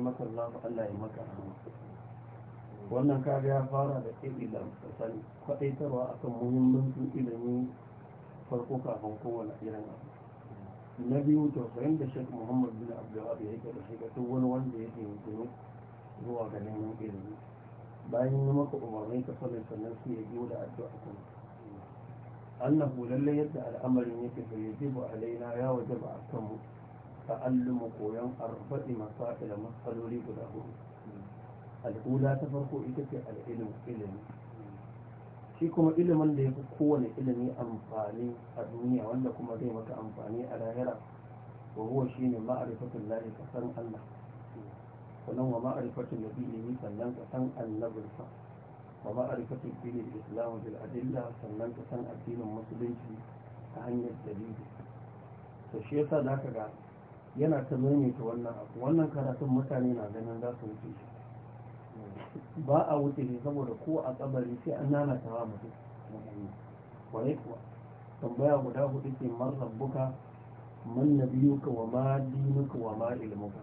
maka Allah Allah ya maka wannan kaga ya fara da ilimin sani kwadaitarwa akan muhimmancin ilimin farko kafin kowane irin abu na biyu tausayin da shek muhammad bin abdullahi ya yi da shiga tun wani wanda yake yanzu zuwa ga neman ilimi bayan yi maka umarni ka sanar sannan su ya biyo da addu'a kan annahu lallai yadda al'amarin yake fa yajibu alaina ya wajaba kan mu ta'allumu koyon arfaɗi masa'ila matsaloli guda hudu al'ula ta farko ita ce al'ilmu ilimi shi kuma ilimin da ya fi kowane ilimi amfani a duniya wanda kuma zai maka amfani a lahira wa huwa shi ne ma'arifatun lahi ka san Allah sannan wa ma'arifatun nabi ne sannan ka san annabinsa wa ma'arifatun filin islamu bil adilla sannan ka san addinin musulunci ta hanyar dalili to shi yasa ka ga yana ta maimaita wannan abu wannan karatun mutane na ganin za su wuce shi ba a wuce shi saboda ko a tsabari sai an nanata wa mutum kwarai kuwa tambaya guda hudu ke man rabbuka man ka wa ma dinuka wa ma ilmuka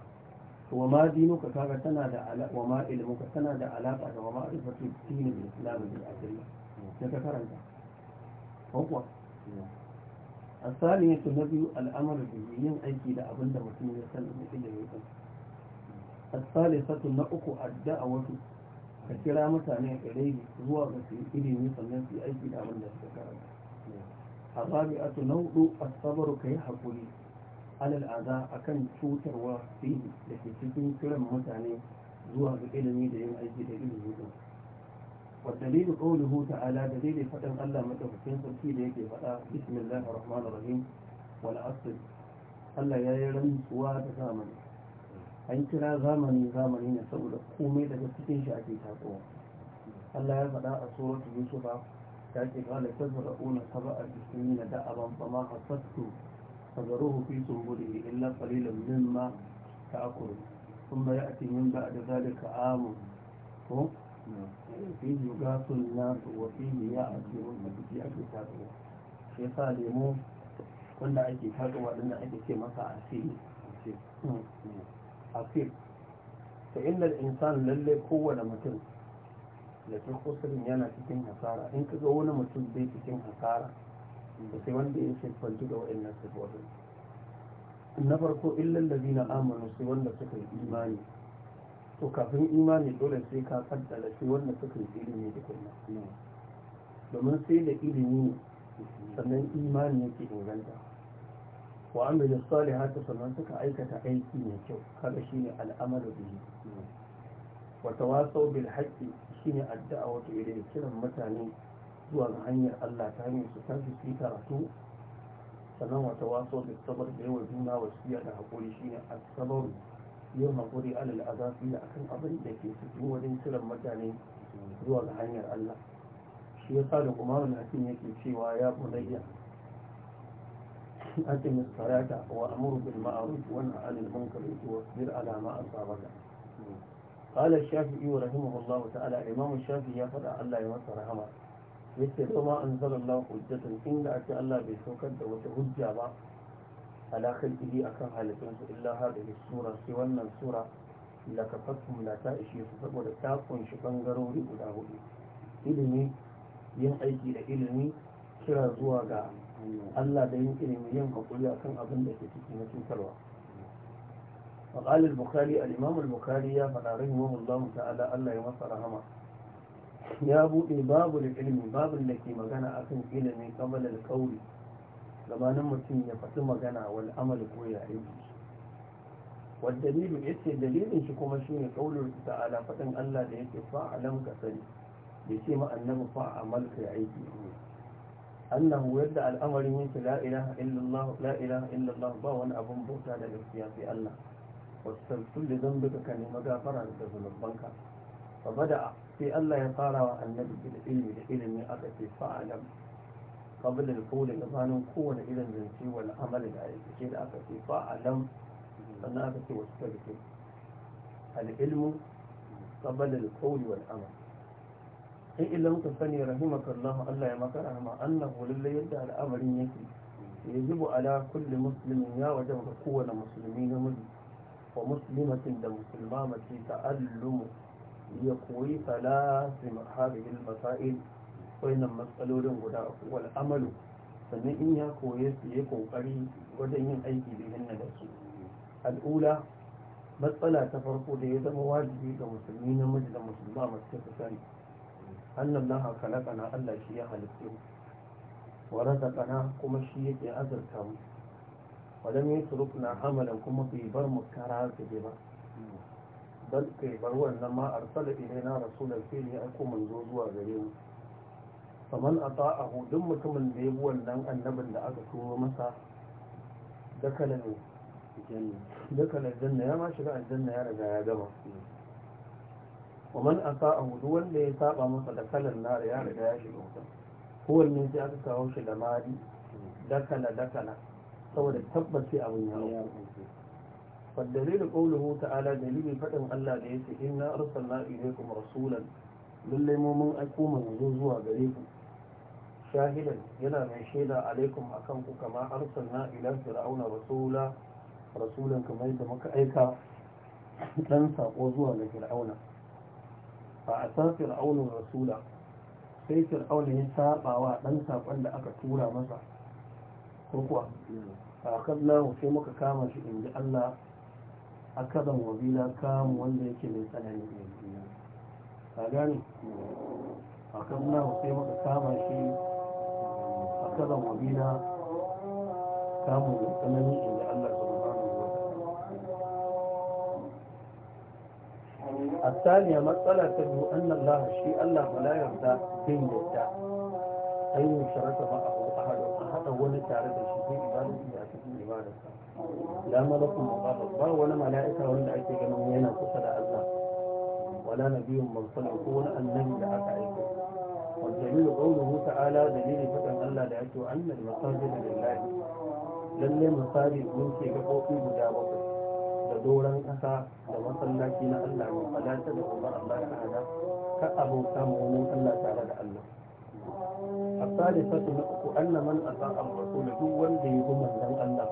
wa ma dinuka kaga tana da ala wa ma ilmuka tana da alaƙa da wa ma ifatu dinin islam islamu ajri da ka karanta ko الثانية نبي الأمر به ين أيكي دا أبن دا مسلم يسلم إلا يسلم الثالثة نأكو الدعوة كثيرا متعنى إليه هو غسي إلي يسلم في أيكي دا أبن دا سكرا الرابعة نوض الصبر كي حقولي على الأعداء أكن توتر وفيه لكي تكون كرم متعنى زوها بإلمي دا ين أيكي دا إلي يسلم والدليل قوله تعالى دليل فتن ألا متفكين تركي ليك فأه بسم الله الرحمن الرحيم والعصر ألا يا يرم وتزامن أن ترى زامني زامني نسول قومي لتسكين شاكي تقوى ألا يا فأه سورة يوسف تأتي قال تزرعون سبع السنين دعبا فما حصدت فذروه في سنبله إلا قليلا مما تأكل ثم يأتي من بعد ذلك عام fihi yugasun nasu wa fihi ya asirun da fiye ake tatsuwa shi yasa lemo wanda ake tatsuwa din ake ce masa asiri asir fa innal insan lalle kowane mutum da ta kusurin yana cikin hasara in ka ga wani mutum bai cikin hasara da sai wanda ya siffantu da waɗannan sifofin na farko illal zina amanu sai wanda suka yi imani to kafin imani dole sai ka kaddara sai wanda suka yi ilimi da kuma domin sai da ilimi sannan imani yake inganta wa an da salihatu sannan suka aikata aiki mai kyau kaga shine al'amalu bihi wa tawasau bil haqqi shine addu'a ilayhi kiran mutane zuwa ga hanyar Allah ta hanyar su tafi su karatu sannan wa tawasau bis da yawa juna wasiya da hakuri shine as-sabr yin haƙuri alal azafi a akan abin da ke cikin wajen kiran mutane zuwa ga hanyar Allah shi ya sa kuma wani hakin yake cewa ya kunayya ake misalata wa amuru bil ma'aruf wa nahi anil munkar wa sabir ala ma asabaka قال الشافعي رحمه الله تعالى امام الشافعي يا فدا الله يوسع رحمه يكتب ما انزل الله حجه ان الله بيسوكر ده وجه حجه ala a akan halittunsu illa hadhihi sura sai wannan sura da kafattum la ta ishe su saboda ta kunshi bangarori guda hudu ilimi yin aiki da ilimi kira zuwa ga Allah da yin ilimi yin hakuri akan abin da ke ciki na cutarwa وقال البخاري الإمام البخاري يا رحمه الله تعالى الله يمسى rahama. ya buɗe babu da ilimi babin da ke magana akan ilimi kamar ƙauri. gabanin mutum ya faɗi magana wal amal ko ya aiki wal dalilu yace dalilin shi kuma shine qaulul ta'ala faɗin Allah da yake fa'alam ka sani bai ce ma annabi fa'amal ka ya aiki annahu yadda al'amarin yake la ilaha illallah la ilaha illallah ba wani abun bauta da gaskiya sai Allah wasu da zambika ka nema gafara da zunubanka fa bada sai Allah ya fara wa annabi da ilimi da ilimin aka ce fa'alam قبل القول gabanin kowane irin zance wal amal da aikace da aka ce fa alam sannan aka ce wasu karfe al'ilmu قبل القول والعمل إن لم تفني رحمك الله ألا يمك رحمة أنه لله يدعى الأمر يكي يجب على كل مسلم يا وجب قوة مسلمين مجد ومسلمة لمسلمة تألم يقوي فلازم هذه المسائل wayannan matsalolin guda uku wal amalu sannan in ya koye su ya kokari wajen yin aiki da yin da su al'ula matsala ta farko da ya zama wajibi ga musulmi namiji da musulma masu ta sani annan laha na allah shi ya halittu. mu wa razaqana kuma shi yake azurta mu wa lam na hamalan kuma bai bar mu kara gaje ba bal kai bar wannan ma arsala ilaina rasulan fili ya ko manzo zuwa gare mu faman a ta'ahu duk mutumin da ya buwan nan annabin da aka turo masa dakala ne janna ya ma shiga aljanna ya riga ya gama waman a ta'ahu duk wanda ya saba masa dakalan nara ya riga ya shiga wuta kowanne sai aka kawo shi da mari dakala dakala saboda tabbaci abin ya فالدليل قوله تعالى دليل فتن الله ليس إنا أرسلنا إليكم رسولا للي مؤمن أكو منزوز وغريب shahidan yana mai shaida alaikum أكم ku أرسلنا إلى فرعون fir'auna رسولا كما يتمك da muka aika لفرعون sako فرعون ga fir'auna fa asa fir'auna rasula sai fir'auna ya saba wa ɗan sakon da aka tura masa ko kuwa fa sai muka kama shi inji Allah akadan wabila kamu wanda yake mai tsanani a kan sai muka kama shi kada mu na, samu da tsananin inda Allah su a saniya matsala ta biyu an nan lahar shi Allah malayar da bin yadda a yi sharafa ba a hudu a hadu a hada wani tare da shi zai ibada su da cikin ibada la malakun mabada ba wani malaika wanda ake ganin yana kusa da Allah wala na biyun mansali ko wani annabi da aka aiko والدليل قوله تعالى دليل فتن الله لأجه أن المساجد لله للي مساجد من في قطوطي مجابك دورا أسا لمسلاك إلى الله ولا تدعو مع الله تعالى كأبو سامون الله تعالى لأله الثالثة نقول أن من أطاع الرسول هو الذي هم من الله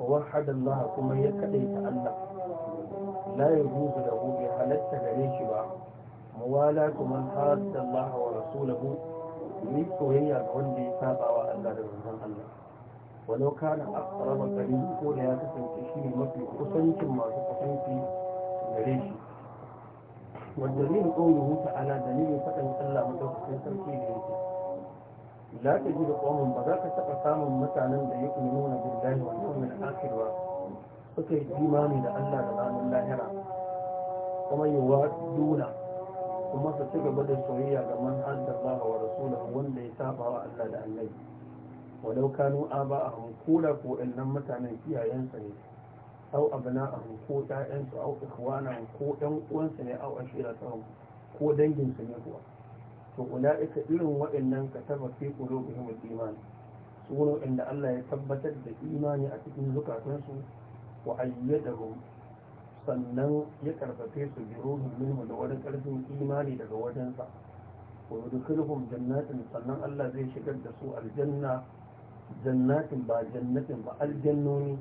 ووحد الله ثم يكتئ الله لا يجوز له بحالة غريش بعض mawala kuma har da Allah wa rasulahu ni soyayya wanda ya yi wa Allah da manzon Allah walau kana aqrabu qarib ko da ya kasance shi ne mafi kusancin masu kusanci gare shi wanda ne ko ne huta ala da ne fadan Allah mutum kusan sarki da yake la ta da qawmun ba za ka taba samun mutanen da yake nuna billahi wa yawmil akhir wa suka yi imani da Allah da ranar lahira kuma yiwuwa duna kuma su ci gaba da soyayya ga manhajar Allah wa rasulahu wanda ya saba wa Allah da annabi walau kanu aba a hankula ko ɗannan mutanen sa ne au abna a ko su au ikhwana ko uwan uwansu ne au ashira ko danginsu ne kuwa to ula'ika irin waɗannan ka taba fi qulubihim al-iman su inda Allah ya tabbatar da imani a cikin zukatansu wa ayyadahum sannan ya karfafe su bi ruhun minhu da wani karfin imani daga wajensa wa yudkhiluhum jannatin sannan Allah zai shigar da su aljanna jannatin ba jannatin ba aljannoni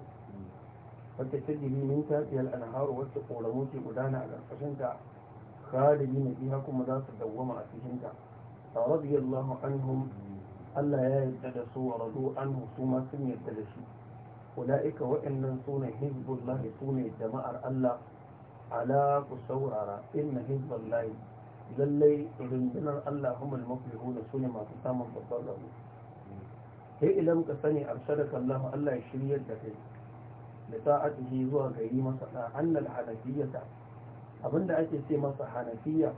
wata tajiri min tafiyar anharu wacce koramu ke gudana a ƙarƙashinta khalidina fiha kuma za su dawwama a cikinta radiyallahu anhum Allah ya yarda da su wa radu anhu su ma sun yarda da shi ula'ika waɗannan sune hizbullahi sune jama'ar Allah ala ku saurara inna hizbullahi lallai rundunar Allah humul mafihuna sune masu samun babban rabo sai idan ka sani arshadaka Allah Allah ya shirya da kai da sa'atihi zuwa gari masa da annal hanafiyyata abinda ake ce masa hanafiya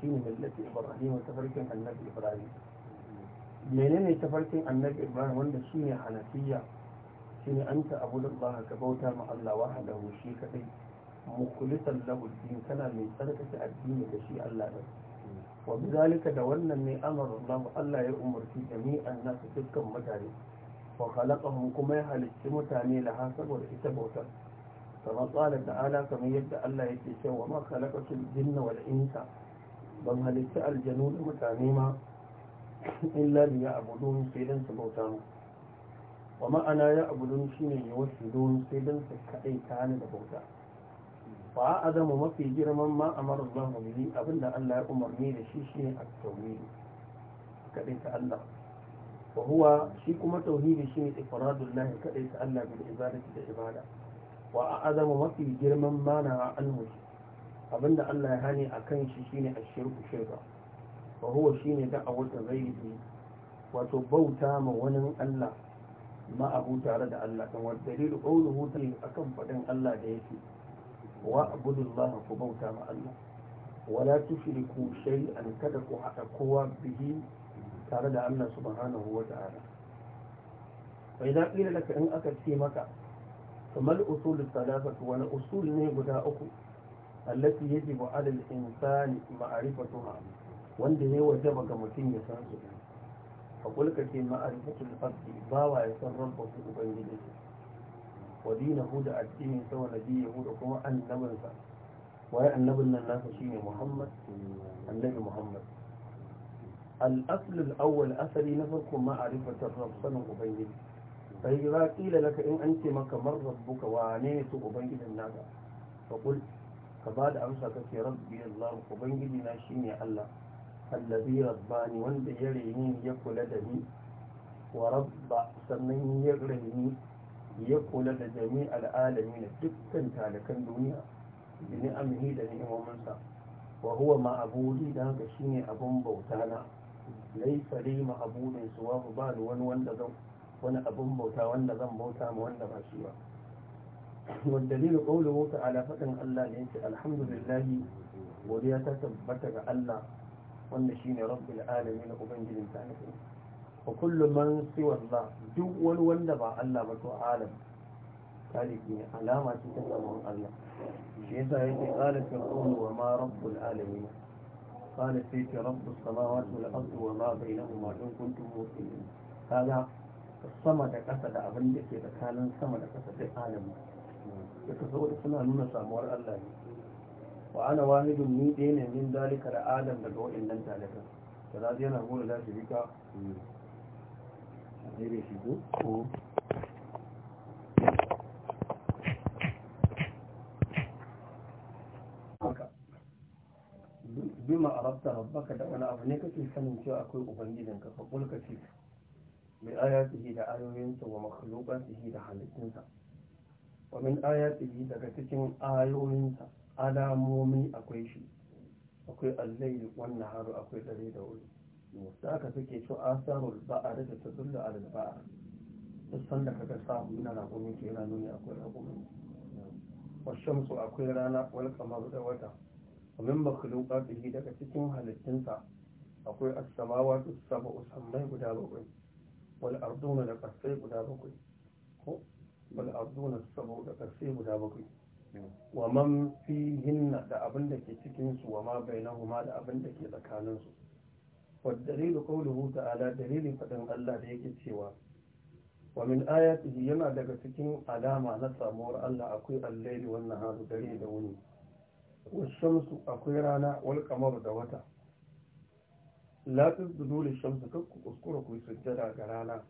shine millati ibrahim ta farkin annabi ibrahim menene tafarkin annabi ibrahim wanda shine hanafiya shine anta abudullah ka bauta ma Allah wahdahu shi kadai mukhlisan lahu din kana mai tsarkake addini da shi Allah ne wa bizalika da wannan ne amara Allah Allah ya umarci jami'an nasu dukkan mutane wa khalaqahum kuma ya halicci mutane laha saboda ita bautar kama tsala ta'ala kamar yadda Allah yake cewa ma khalaqatul jinna wal insa ban halicci aljanu da mutane ma illa liya abudun sai dan su bauta mu wa ma'ana ya abudun shi ne ya wasu don sai don su kaɗai ta hana da bauta Ba a zama mafi girman ma a marar zan hamili abinda allah ya umarni da shi shi ne a tauhidi kaɗai ta allah wa huwa shi kuma tauhidi shi ne ifaradun lahi kaɗai ta allah bil ibadati da ibada wa a zama mafi girman ma na anhu abinda allah ya hane a kan shi shi ne a shirku shirka wa huwa shi ne da'awar da zai wato bauta ma wani allah ma abu tare da Allah kan wani dalilu qawluhu ta'ala akan faɗin Allah da yake wa abudullaha ku bauta ma Allah wala tushriku shay'an kada ku haɗa kowa bihi tare da Allah subhanahu wa ta'ala fa idan qila laka in aka ce maka kamal usul salafatu wani usul ne guda uku allati yajibu ala al-insani ma'rifatuha wanda ne wajaba ga mutum ya san su a kulka ce ma'arifatul haƙƙi ba wa ya san ran ubangiji ce wa dina huda a cikin sama da biya huda kuma annabinsa waye annabin nan nasa shi ne muhammad annabi muhammad al'aslul awwal asali na farko ma'arifatul ran sanin ubangiji bai za a ƙila laka in an ce maka marar buka wane su ubangijin naka ka ba da amsa ka ce rabbi allah ubangiji na shi ne allah allazi rabbani wanda ya reni ya kula da ni wa rabba sannan ya reni ya kula da jami al'alami na dukkan talakan duniya da ni'amihi da sa wa huwa ma'abudi da haka shine abun bauta na laisa dai su suwa ba ni wani wanda zan wani abun bauta wanda zan bauta ma wanda ba shi ba والدليل قوله تعالى فتن الله ليس الحمد لله وليتثبت الله wanda shi ne shine rabbul alamin ubangijin ta nufi wa kullu man siwa Allah duk wani wanda ba Allah ba to alam taliki ne alama ce ta samun Allah shi yasa yake qala fir'aun wa ma rabbul alamin qala sai ta rabbus samawati wal ardi wa ma bainahuma in kuntum muqinin kaga sama da ƙasa da abin da ke tsakanin sama da ƙasa sai alamin da ka wani suna nuna samuwar Allah ne wa ana wahidun ni da ne min dalika da adam daga waɗannan taliban da za su yana gona za su rika bima mm. a rabta rabbaka da wani abu ne kake sanin cewa akwai ubangijin ka kulka ce mai ayatihi da ayoyinsa wa makhluqatihi da halittunsa wa min ayatihi daga cikin ayoyinsa alamomi akwai shi akwai allai wannan haru akwai dare da wuri da aka suke so samun ba'ar da ta zulla alal ba'ar Kusan da kaga samu yana raƙumi ke yana nuni akwai raƙumi wasu akwai rana wal kamar da wata makulun مخلوقاته daga cikin halittunsa akwai asamawa samawati as-sab'u guda bakwai wani arduna da kasai guda bakwai ko wal arduna da kasai guda bakwai wa man fihinna da abin da ke cikin su wa ma bainahuma da abin da ke tsakaninsu. su wa dalilu qawluhu ta'ala dalilin fadin Allah da yake cewa wa min ayatihi yana daga cikin alama na samuwar Allah akwai al-layli wan naharu dare da wuni wasu akwai rana wal kamar da wata la tasjudu lish-shamsi kakku kuskura ku sujjada ga rana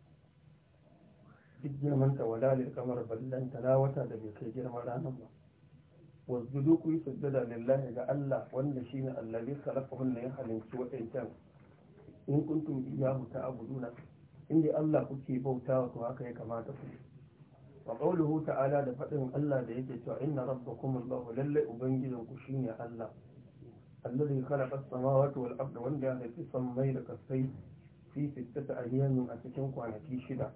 duk girman ta wala lil kamar ballanta na wata da bai kai girman ranar ba wasjudu ku yi sujjada lillahi ga Allah wanda shi ne allazi sarrafahun na ya halinci waɗancan in kuntum iyahu ta'buduna inda Allah kuke bautawa to haka ya kamata ku wa qawluhu ta'ala da fadin Allah da yake cewa inna rabbakum Allahu lallai ubangijin ku shine Allah alladhi khalaqa as-samawati wal arda wanda ya haifi sammai da kasai fi sittati ayyamin a cikin kwanaki shida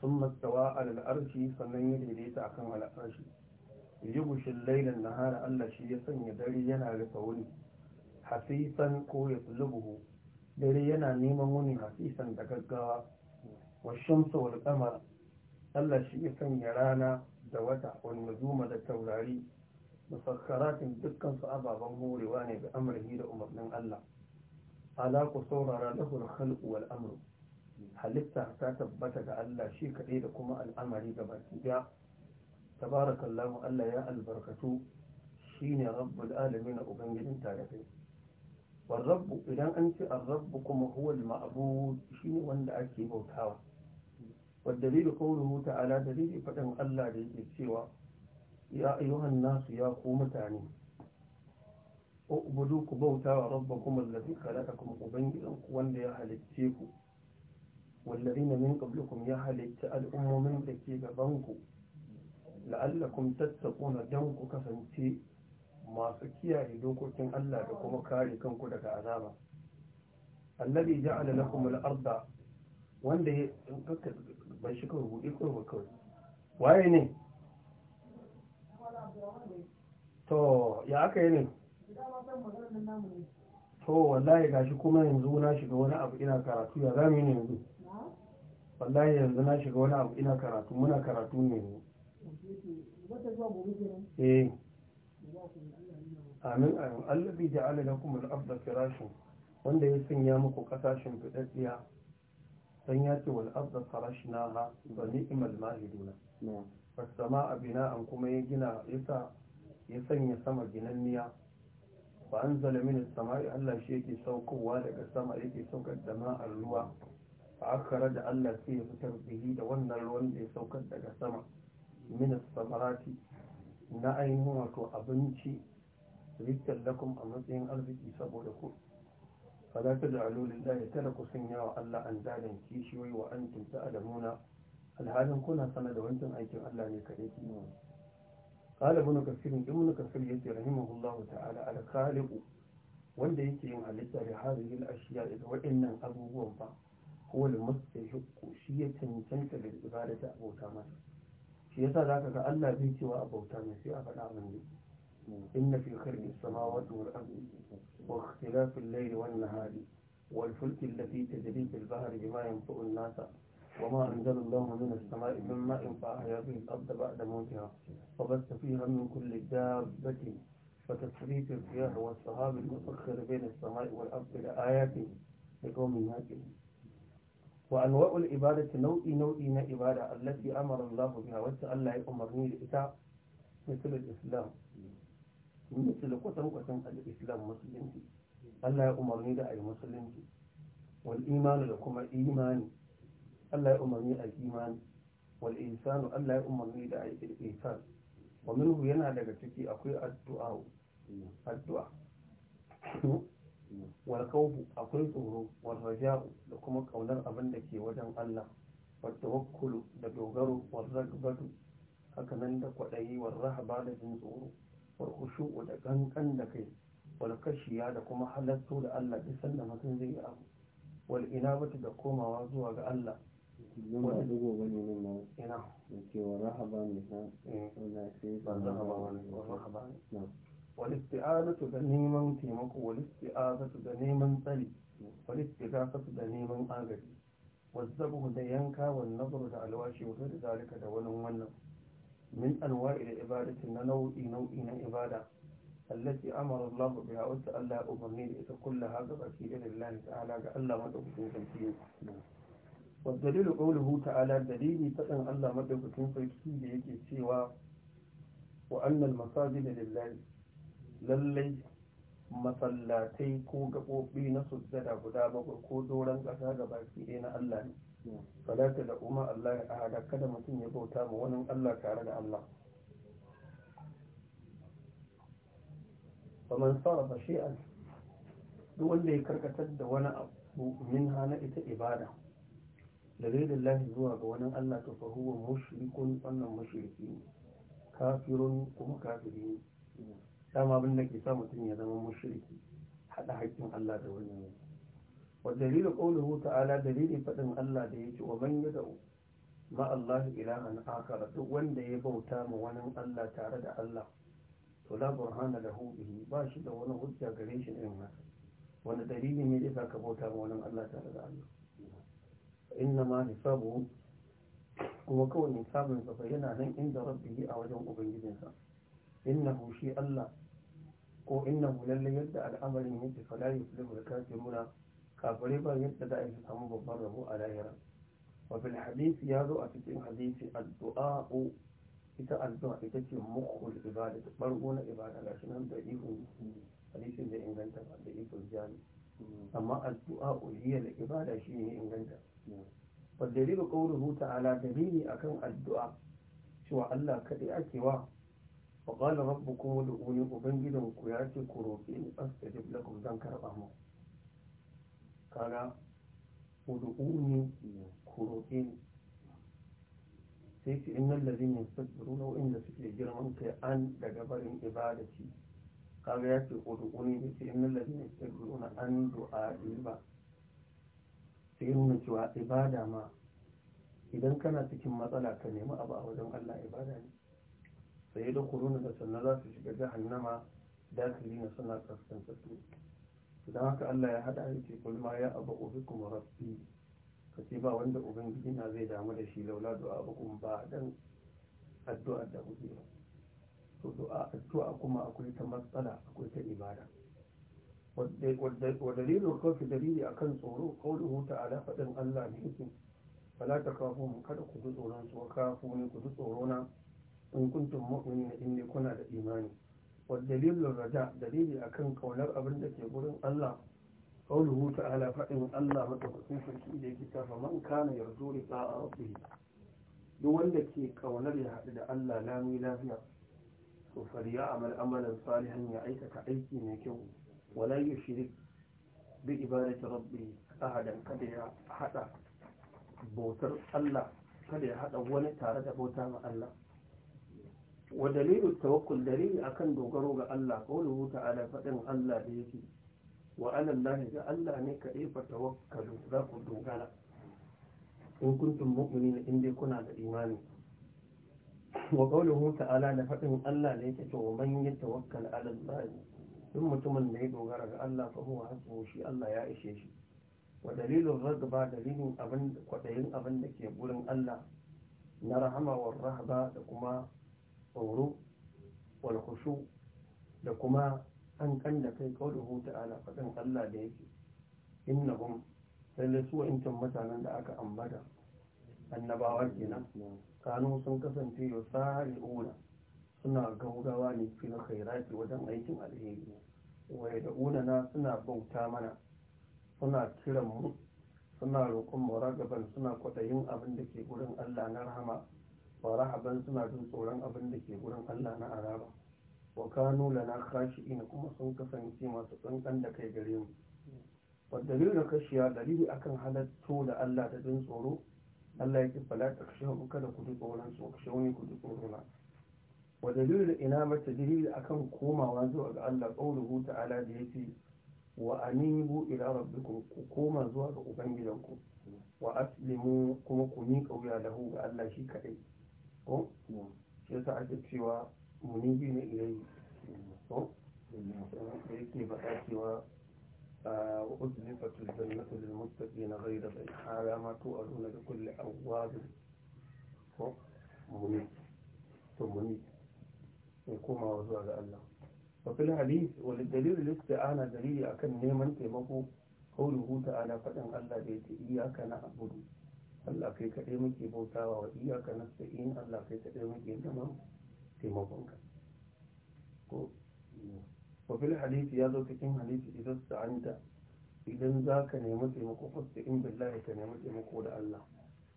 Sun istawa al-arshi sannan ya daidaita akan al-arshi yi gushin lailan nahara Allah shi ya sanya dare yana rufe wuni hafisan ko ya tulubuhu dare yana neman wuni hafisan da gaggawa wa shamsu wal qamar Allah shi ya sanya rana da wata wani nujuma da taurari musakkaratin dukkan su ababen horewa ne da amrihi da umarnin Allah ala ku saurara lahu al-khalq wal amru halitta ta tabbata ga Allah shi kaɗai da kuma al'amari ga daya tabarakallahu Allah ya albarkatu shine rabbul alamin ubangijin tarihi war rabbu idan an ce ar-rabbu kuma huwa al-ma'bud shine wanda ake bautawa والدليل قوله تعالى دليل فدن Allah da yake cewa ya ayyuhan nasu ya ku mutane ubudu ku bautawa rabbakum allazi khalaqakum ubangidan ku wanda ya halicce ku wallazina min qablikum ya halitta al'ummomin da ke gaban ku la'allakum tattaquna dan ku kasance masu kiyaye dokokin Allah da kuma kare kanku daga azaba annabi ja'ala lakum al-arda wanda ya kaka ban shi kawai buɗe kawai ba kawai waye ne to ya aka yi ne to wallahi gashi kuma yanzu na shiga wani abu ina karatu ya zami ne yanzu wallahi yanzu na shiga wani abu ina karatu muna karatu ne yanzu Eh. amin amin allabi ja'ala da kuma ardha firashin wanda ya sanya muku kasashen fidaddiya dan ya ce na ha farashnaha wa ni'mal mahiduna a bina an kuma ya gina yasa ya sanya sama ginanniya ba mini min as-samaa'i Allah shi yake saukowa daga sama yake saukar da ma'ar ruwa a da Allah sai ya fitar bihi da wannan ruwan da ya saukar daga sama من الثمرات نا اين هو اكو ابنتي ريت لكم ان نسين ارض يسبو لكم فلا تجعلوا لله تركوا سنيا الا ان زال كيشي وي وانتم تعلمون هل هذا كنا سند وانتم ايتم الا ان يكريتمون قال ابن كثير ابن كثير يدي رحمه الله تعالى على خالق وانت يكي يوم على هذه الاشياء اذا وانا ابو هو المستحق شيئا تنتهي بالعباده ابو تامر shi yasa za ka ga Allah bai cewa a bauta mai sai a faɗa abin da إن في خلق السماوات والأرض واختلاف الليل والنهار والفلك التي تجري في البحر بما ينفع الناس وما أنزل الله من السماء من ماء فأحيا به الأرض بعد موتها وبث فيها من كل دابة وتصريف الرياح والسحاب المسخر بين السماء والأرض لآيات لقوم يعقلون وأنواع الإبادة نوئي نوئي من عبادة التي أمر الله بها وجه الله أمرني لإتاء مثل الإسلام مثل قسم قسم الإسلام مسلم الله أمرني لأي مسلم والإيمان لكم إيمان الله أمرني أي إيمان والإنسان الله أمرني لأي الإنسان ومنه ينادى لكي أقوى الدعاء الدعاء wal akwai tsoro wal raja'u da kuma kaunar abin da ke wajen Allah wal tawakkulu da dogaro wal ragbatu haka nan da kwadayi wal rahaba da jin tsoro wal khushu'u da kankan da kai wal kashiya da kuma halatto da Allah duk sanda mutum zai yi abu wal inabatu da komawa zuwa ga Allah ba a dugo ne nan na ina da ke wa rahaba ne na sai eh. ba rahaba ne والاستعادة دنيما neman taimako والاستعادة da neman والاستغاثة دنيما neman agaji والذبح والنظر da alwashi wa da zalika da wani wannan min anwa'i da عبادة التي أمر الله بها وتألا أمرني كل هذا بكي إلى الله تعالى قال مدفكين سيكي والدليل قوله تعالى دليل تقن الله مدفكين سيكي بيكي سيوا وأن المساجد لله lallai masallatai ko gaɓoɓi na sujjada guda bakwai ko doron ƙasa ga baki ɗaya na Allah ne Salatu da umar Allah ya ahada kada mutum ya bauta ma wani Allah tare da Allah ba shi an duk wanda ya karkatar da wani abu min hana ita ibada da lahi zuwa ga wani Allah ta fahuwa mushrikun wannan mushriki ne kafirun kuma kafiri ne dama abin da ke sa mutum ya zama mushiriki, haɗa haƙƙin Allah da wani ne wa dalilu qawluhu ta'ala dalilin faɗin Allah da yake wa man yad'u ma Allah ilahan akhar duk wanda ya bauta ma wani Allah tare da Allah to la burhana lahu bihi ba shi da wani hujja gare shi irin haka wani dalilin ne da ka bauta ma wani Allah tare da Allah inna ma hisabu kuma kawai hisabinsa yana nan inda rabbihi a wajen ubangijinsa innahu shi Allah ko innahu lalle yadda al'amarin yake fala yuflihu al-kafiruna kafare ba yadda da ai samu babban rabo a lahira wa fil hadith ya zo a cikin hadisi addu'a ita addu'a ita ce mukhul ibada ta bargo na ibada gashi nan da ihu hadisin da inganta ba da ihu jami amma addu'a hiya da ibada shi ne inganta wa dalilu qawluhu ta'ala dalili akan addu'a cewa Allah kadai ake wa wa qala rabbukum ud'uni ubangidan ku ya ce ku roƙi in astajib lakum zan karɓa mu kaga ud'uni ku roƙe ni sai ce innal ladina yastakbiruna wa inda suke girman kai an daga barin ibadaci kaga ya ce ud'uni ne ce innal ladina yastakbiruna an du'a ba sai nuna cewa ibada ma idan kana cikin matsala ka nemi abu a wajen Allah ibada ne sai da kuruna da sannan za su shiga jahannama dakili na suna kaskantattu don haka Allah ya hada yake kulma ya abu kuma rafi ka ce ba wanda ubangiji na zai damu da shi laula abu kuma ba dan addu'a da kuke ba to du'a addu'a kuma akwai ta matsala akwai ta ibada wa dalilin kofi dalili akan tsoro qawluhu ta'ala fadin Allah ne yake fala mu kada ku ji tsoron su kafu ne ku ji tsoro na in kuntum mu'minina inni kuna da imani wad dalilur raja dalili akan kaunar abin da ke gurin Allah qawluhu ta'ala fa in Allah matakun fi shi da kitaba man kana yarju liqa rabbih duk wanda ke kaunar ya hadu da Allah lami lafiya to fariya amal amalan salihan ya aikata aiki mai kyau wala yushrik bi ibadati rabbih ahadan kada ya hada Allah kada ya hada wani tare da bauta ma Allah wa dalilu tawakkul dalili akan dogaro ga Allah qawluhu ta'ala fadin Allah da yake wa ala Allah ga Allah ne ka ifa tawakkalu za ku dogara in kuntum mu'minin in dai kuna da imani wa qawluhu ta'ala da fadin Allah da yake to man yatawakkal ala Allah duk mutumin da ya dogara ga Allah fa huwa hasbu shi Allah ya ishe shi wa dalilun ragba dalilin kwaɗayin abinda ke gurin Allah na rahama wa da kuma tsoro walhushu da kuma an kan da kai ta Ala faɗin Allah da yake innahum lalle su wa'incan mutanen da aka ambata annabawa gina. kanu sun kasance yau una. suna gaugawa ne fil khairati wajen aikin alheri Wai da una na suna bauta mana suna kiran mu suna roƙon mu ragaban suna kwaɗayin abin da ke gurin Allah na rahama wa rahaban suna jin tsoron abin da ke gurin Allah na araba wa kanu lana ina kuma sun kasance masu tsankan da kai gare mu wa dalilin kashiya dalili akan halatto da Allah da jin tsoro Allah yake fala takshawu kada ku ji tsoron su kashawuni ku ji tsorona wa dalilin ina mata dalili akan komawa zuwa ga Allah qawluhu ta'ala da ce, wa anibu ila rabbikum ku koma zuwa ga ubangidanku wa aslimu kuma ku miƙa wuya lahu ga Allah shi kaɗai ko shi yasa ake cewa muni biyu ne ilai ko da yake baka cewa wadda ne fatul jannatu lil mustaqi na gai da bai hara ma to a nuna ga kulle awwabin ko muni to muni ne komawa zuwa ga Allah wafil hadis wani dalilin lissa ana dalili akan neman taimako kawai hutu ana faɗin Allah da ya ce iyaka na abudu Allah kai kaɗai muke bautawa wa iyaka nasta'in Allah kai kaɗai muke neman taimakonka ko wafil hadisi ya zo cikin hadisi idan sa'anta idan za ka nemi taimako fasta in billahi ka nemi taimako da Allah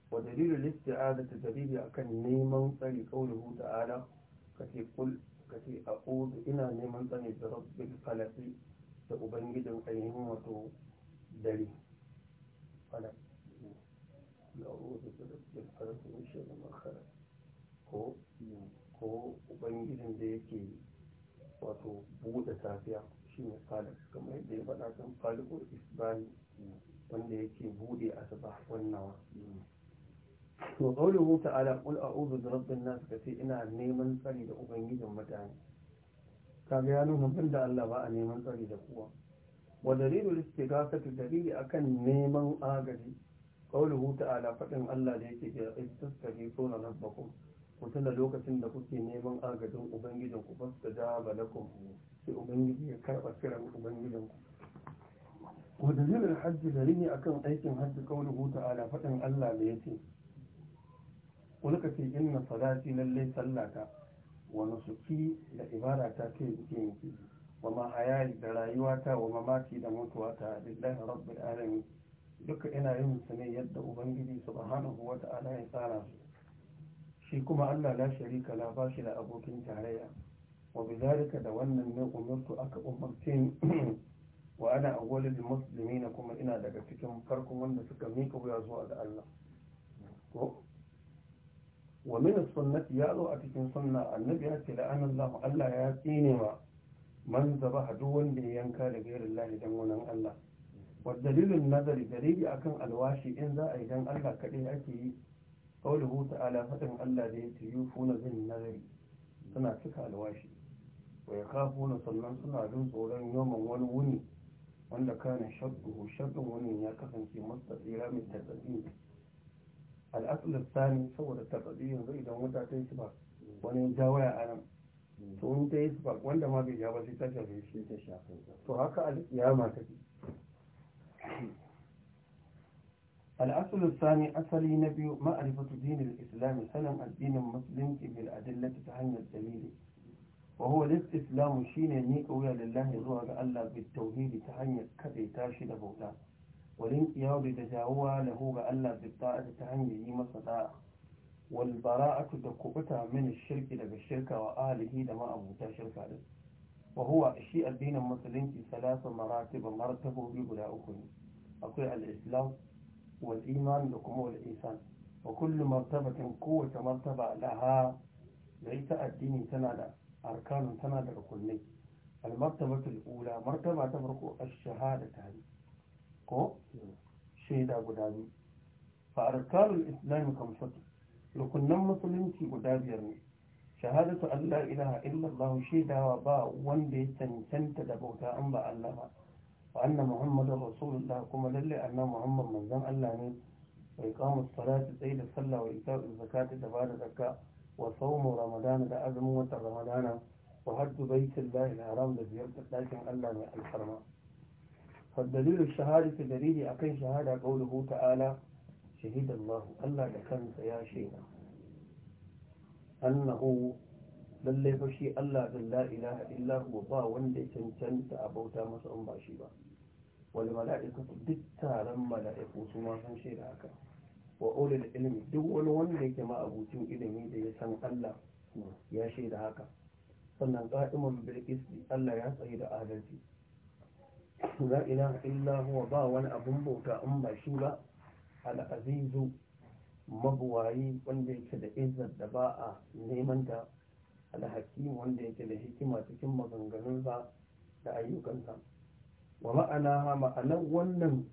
wa dalilul isti'aza ta dalili akan neman tsari kauluhu ta'ala kace kul kace a'udhu ina neman tsari da rabbil falaq da ubangijin ainihin wato dare falaq na'udu da ko da yake wato buɗe safiya shine falak kamar yadda ya faɗa kan falikul isbani wanda yake buɗe asbah wannawa to qawluhu ta'ala qul rabbin ina neman tsari da ubangijin mutane kaga ya nuna banda Allah ba a neman tsari da kowa wa suke istighasatu dalili akan neman agaji qawluhu ta'ala fadin Allah da yake cewa istaghfiruna rabbakum ku tuna lokacin da kuke neman agajin ubangijin ku fasta da balakum sai ubangiji ya karba kiran ubangijin ku wa dalilul hajji dalili akan aikin hajji qawluhu ta'ala fadin Allah da yake ولكتي إن صلاتي للي صلاتا ونسكي لإبارتا كي بكينكي وما حيالي درايواتا da mutuwata, لله رب العالمين duka ina yin su ne yadda ubangiji subhanahu wa ta'ala ya tsara shi kuma Allah la sharika la ba shi da abokin tarayya wa bizalika da wannan ne umirtu aka umarce wa ana awwalul muslimina kuma ina daga cikin farkon wanda suka mika wuya zuwa ga Allah ko wa min sunnati ya zo a cikin sunna annabi ya ce la'ana Allah Allah ya tsine ma man zabaha duk wanda ya yanka da gairin Allah dan wannan Allah والدليل النظري دليل أكن الواشي إن ذا أيضا الله كده أكي قوله تعالى فتن الله دي تيوفون ذي النظر سنة تكا الواشي ويخافون صلى سنة جن صورا يوما ونوني وأن كان شده شد وني يكفن في مستطيرا من تتدين الأصل الثاني صور التتدين زي إذا متى تيسبا وني جاوية أنا تون تيسبا وأن ما بيجابا ستشافي ستشافي فهكا القيامة تكي الأصل الثاني أصل نبي معرفة دين الإسلام سلم الدين المسلم بالأدلة تهني الدليل وهو الاستسلام شين نيقويا لله زوغ الله بالتوحيد تهني كذي تاشد بولا والانقياد تجاوى له غ الله بالطاعة تهني يما صداع والبراءة تكبتا من الشرك لك الشرك وآله لما أبوتا شركا وهو الشيء الدين المسلم في ثلاث مراتب مرتبه بلا أخرى أطيع الإسلام والإيمان لقموع الإنسان وكل مرتبة قوة مرتبة لها ليس الدين سنادا أركان تنادى ركنين المرتبة الأولى مرتبة تبرك الشهادة هذه كو شهيدة قدامي فأركان الإسلام خمسة ركن مسلم في قدامي يعني. شهادة أن لا إله إلا الله شهيدة وباء وندي سنتد بوتا أنبا الله وأن محمد رسول الله كما للي أن محمد من زم الله من وإقام الصلاة سيد الصلاة وإيتاء الزكاة دبار الزكاة وصوم رمضان دا أزم رمضان وحج بيت الله الحرام لزيارة لكن الله من الحرم فالدليل الشهادة دليل أقل شهادة قوله تعالى شهيد الله الله لكن سيا شيخ أنه lallai fa shi Allah da la ilaha illa huwa ba wanda ya cancanta a bauta masa in ba shi ba wal mala'ikatu duk taron mala'iku su ma shi da haka wa ulul ilmi duk wani wanda yake ma abucin ilimi da ya san Allah ya da haka sannan qa'imun bil qisti Allah ya tsaye da adalci la ilaha illa huwa ba wani abun bauta in ba shi ba al azizu mabuwayi wanda yake da izzar da ba a neman ta alhakim wanda yake da hikima cikin maganganunsa da ayyukansa wa ma'ana ma'anar wannan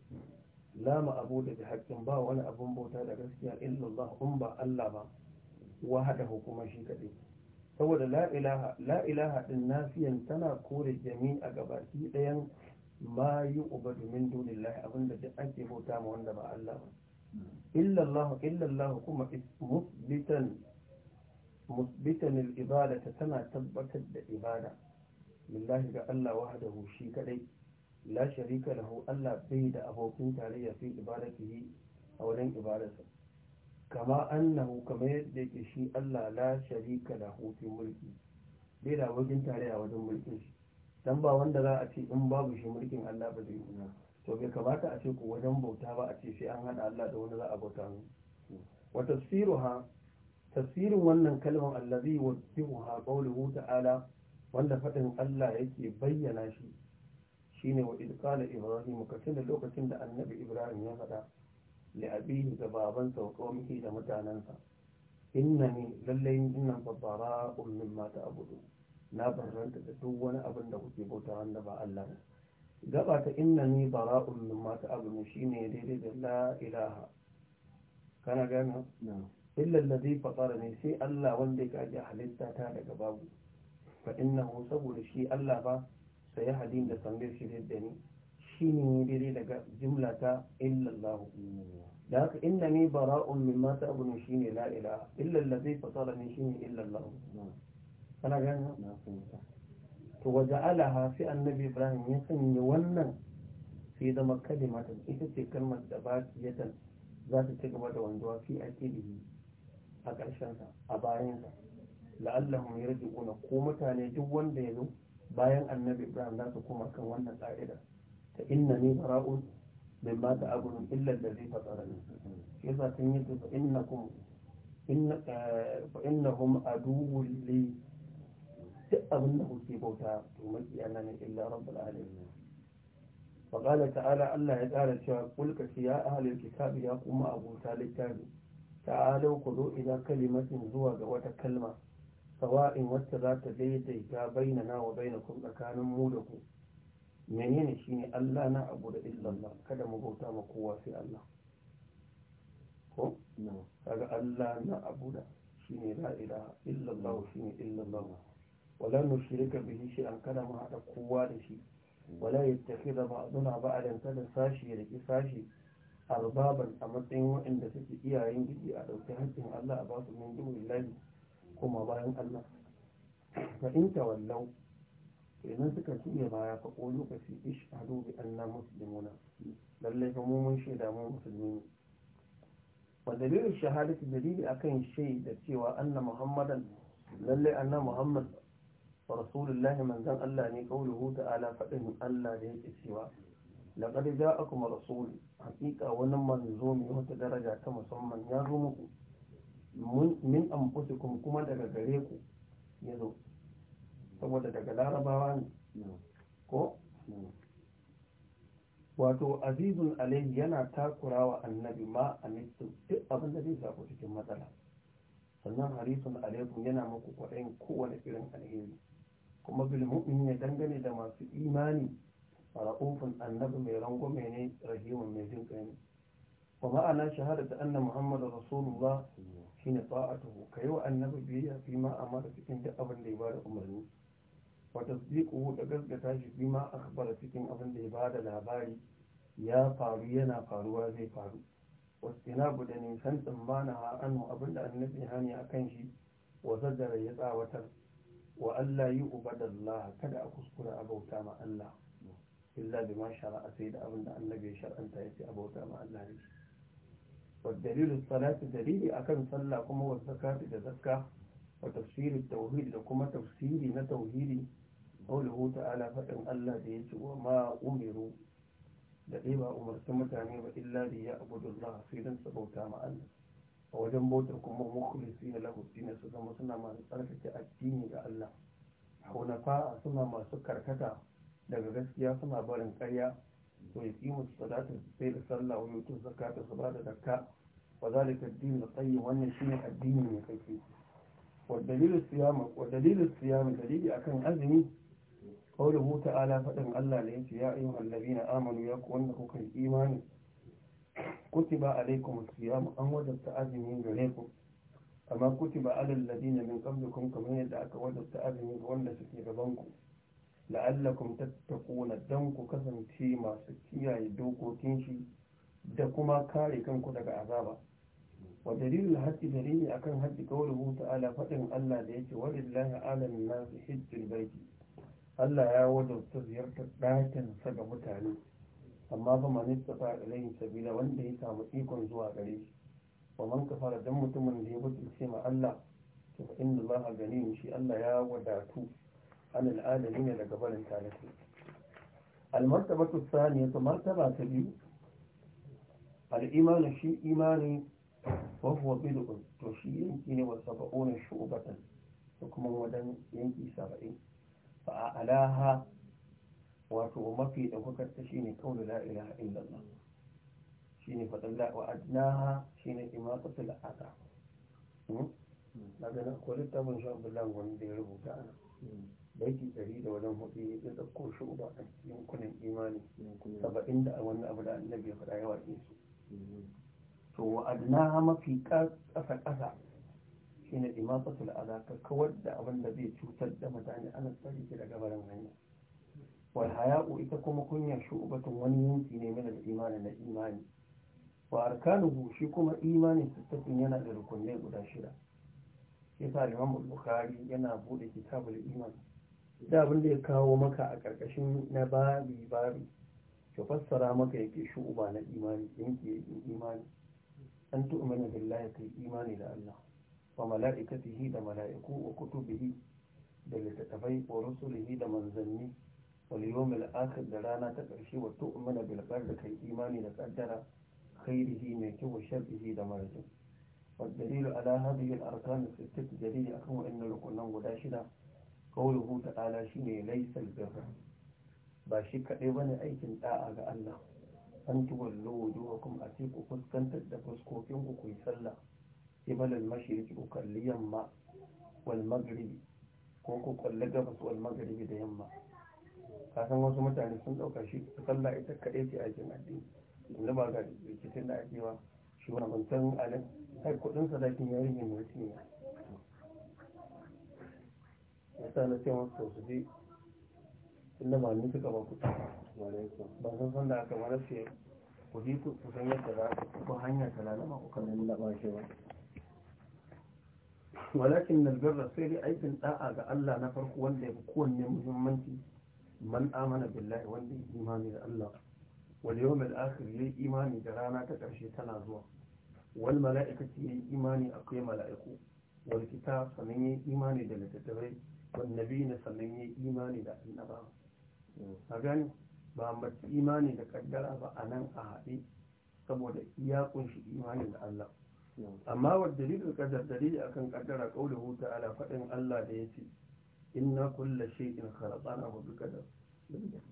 lama abu da bi haƙƙin ba wani abun bauta da gaskiya illallah in ba Allah ba wa hada hukumar shi kaɗai saboda la ilaha din nafiyan tana kore jami a gabaki ɗayan ma yi ubadu min abin da duk ake bauta ma wanda ba Allah ba hmm. illallah illallah kuma musbitan musbitan al-ibada tana tabbatar da ibada lillahi ga Allah wahdahu shi kadai la sharika lahu Allah bai da abokin tarayya fi ibadatihi a wurin ibadarsa kama annahu kama yadda yake shi Allah la sharika lahu fi mulki bai da abokin tarayya wajen mulkin shi dan ba wanda za a ce in babu shi mulkin Allah ba zai yi to bai kamata a ce ko wajen bauta ba a ce sai an hada Allah da wani za a bauta mu wa tafsiruha tafsirin wannan kalmar allazi wasiha qawluhu ta'ala wanda fadin Allah yake bayyana shi shine wa id ibrahim kacin da lokacin da annabi ibrahim ya fada li abihi da babansa wa qaumihi da mutanansa innani lallai innan babbara mimma ta'budu na barranta da duk wani abin da kuke bauta wanda ba Allah ne gaba ta innani bara'un mimma ta'budu shine daidai da la ilaha kana gane na'am illa allazi ne sai Allah wanda ya kaji halitta ta daga babu fa innahu saboda shi Allah ba sai hadin da tambayar shi da ni ne daidai daga jumla ta illa Allah da haka inda ne bara'un min mata abu ne shine la ilaha illa allazi fatarani shine illa Allah kana gani to waja'alaha fi annabi Ibrahim ya sanya wannan sai zama kalimatan ita ce kalmar da ba ta za ta ci gaba da wanzuwa fi akilihi a ƙarshensa a bayansa la'allahum yarji'una ko mutane duk wanda ya zo bayan annabi ibrahim za su koma kan wannan ƙa'ida ta inna ni fara'un min ba ta illar da zai illa allazi fatarani yasa sun yi fa innakum inna eh, fa innahum aduwwul li duk abin da kuke bauta to makiyana ne illa rabbul alamin ta'ala allah ya يقال cewa قل ya أهل الكتاب يا قوم أبو littafi. ta'alau ku zo ila kalimatin zuwa ga wata kalma sawa'in wacce za ta daidaita na wa kun tsakanin mu da ku menene shi ne Allah na abu da illallah kada mu bauta ma kowa sai Allah ko kaga Allah na abu da ne la ilaha illallah shine illallah wala shirka bihi an kada mu hada kowa da shi wala yattakhidha ba'duna ba'dan kada sashi ya riki sashi albaban a matsayin waɗanda suke iyayen gidi a ɗauki haƙƙin Allah a basu min jimin lahi kuma bayan Allah fa in tawallau idan suka tuye baya fa ko lokaci hadu bi anna muslimuna lallai fa mu mun shaida mu musulmi ne wa dalilin shahadatu dalili akan shaida cewa anna muhammadan lallai anna muhammad rasulullahi manzon Allah ne kauluhu ta'ala faɗin Allah da yake cewa a kuma rasuli haƙiƙa wani manzo mai wata daraja ta musamman ya zo muku min anfusikum kuma daga gare ku ya zo saboda daga larabawa ne ko wato azizun alayhi yana takurawa annabi ma a mitin duk abin da zai saku cikin matsala sannan harisun alaikum yana muku kwaɗayin kowane irin alheri kuma bilmu'min ya dangane da masu imani raufin annabi mai rangwame ne rahimun mai jinkai ne ba ma'ana shahada da annan muhammadu rasulullah shi ne tsawa a tuhu ka yi wa annabi biyayya fi ma cikin duk da ya bada umarni wata zai kuhu da gaskata shi fi ma aka bada cikin abin da labari ya faru yana faruwa zai faru wasu ina guda ne san tsammana ha anu abin da annabi hani a kan shi wa zaddara ya tsawatar wa allah yi uba ubadallah kada a kuskura a bauta ma allah إلا بما شرع سيد أبن النبي شرعا تأتي أبو تام الله والدليل الصلاة دليل أكن صلى كما والزكاة تزكى وتفسير التوحيد لكما تفسير نتوحيد قوله تعالى فإن الله ديت وما أمروا ما أمرت متعني إلا ليعبد الله سيدا أبو مع الله وجن بوتكم مخلصين له الدين سنة ما سنة ما تركت الدين يا الله حنفاء سنة ما سكركتا daga gaskiya suna barin ƙarya to ya ƙimu salata sai da sallah wa yutu zakata su bada zakka wa zalika ad-din al wannan shine addini ne kake wa dalilu siyama wa dalili akan azumi qawluhu ta'ala faɗin Allah da yake ya ayyuhal ladina amanu ya ku wanda kuka yi imani kutiba alaikum as-siyam an wajabta azumi gare ku amma kutiba alal ladina min qablikum kamar yadda aka wajabta azumi ga wanda suke gaban ku la'allakum tattaquna dan ku kasance masu kiyaye dokokin shi da kuma kare kanku daga azaba wa dalilul hajji dalili akan hajji qawluhu ta'ala fadin Allah da yake walillahi 'alan nas hajjul baiti Allah ya wajabta ziyartar dakin sa ga mutane amma fa man istata ilayhi sabila wanda ya samu ikon zuwa gare shi wa man kafara dan mutumin da ya wuce ma Allah to inna Allah ganin shi Allah ya wadatu an al'adari ne daga barin tarihi al-martaba ta tsani martaba ta biyu al'imani shi imani wafuwa bidon to shi yanki ne wasu fa'onin shubatan da kuma wadan yanki saba'in ba a wato mafi ɗaukakar ta shi ne kawai la'ira illallah shi ne faɗin la'uwa a dinaha shi ne imata ta la'ata hmm? na ganin kwalitabin shan da ya rubuta ana hmm. baiti ɗari da wajen hudu ya ɗauko shi uba a yankunan imani saba'in da wani abu da annabi ya faɗa yawa ɗin su mm-hmm. to wa'adna mafi ƙasa ƙasa ne imasatul alaka kawar da abin da zai cutar da mutane ana tsari daga barin hanya wal haya'u ita kuma kunya shu'batun wani yanki ne mana da imani na imani wa arkanuhu shi kuma imani sittatin yana da rukunai guda shida yasa Imam Bukhari yana bude kitabul iman da abin da ya kawo maka a ƙarƙashin na babi babi ya fassara maka yake shi uba na imani yanki imani an tu'mina billahi kai imani da Allah wa mala'ikatihi da mala'iku wa kutubihi da littattafai wa rusulihi da manzanni wal yawmil akhir da rana ta ƙarshe wa tu'mina bil kai imani da qaddara khairihi mai kyau wa sharrihi da mara kyau والدليل على هذه الأركان الستة دليل أكون إن rukunan guda shida. shi ne شيني birra ba shi kaɗai wani aikin ɗa'a ga Allah an a ce ku fuskantar da fuskokin ku kuyi sallah ibal mashirki ku kalli yamma wal magribi ko ku kalli gabas wal magribi da yamma kasan wasu mutane sun dauka shi sallah ita kadai ce aikin addini yanzu ba ga rikicin da ake wa shi wani bantan alin kai kudin sadakin ya ne mutum ya sa na ce wasu su ji inda malami suka ba kuɗi ba san san da aka mara ce ku ji ku san yadda za ku ko hanya ta lalama ku kan laɓa shi ba walakin nalgarra sai dai aikin da'a ga Allah na farko wanda ya fi kowanne muhimmanci man amana billahi wanda ya imani da Allah wal yawm al akhir yayi imani da rana ta karshe tana zuwa wal mala'ikati yayi imani akwai mala'iku wal kitab sanin yayi imani da littattafai wannabi na sannan ya imani da annaba a gani ba mace imani da kaddara ba a nan a haɗe saboda ya kunshi imani da Allah amma wa dalilin kaddar dalili akan kaddara huta ala faɗin Allah da ya yace inna kulla shay'in na hudu kaddar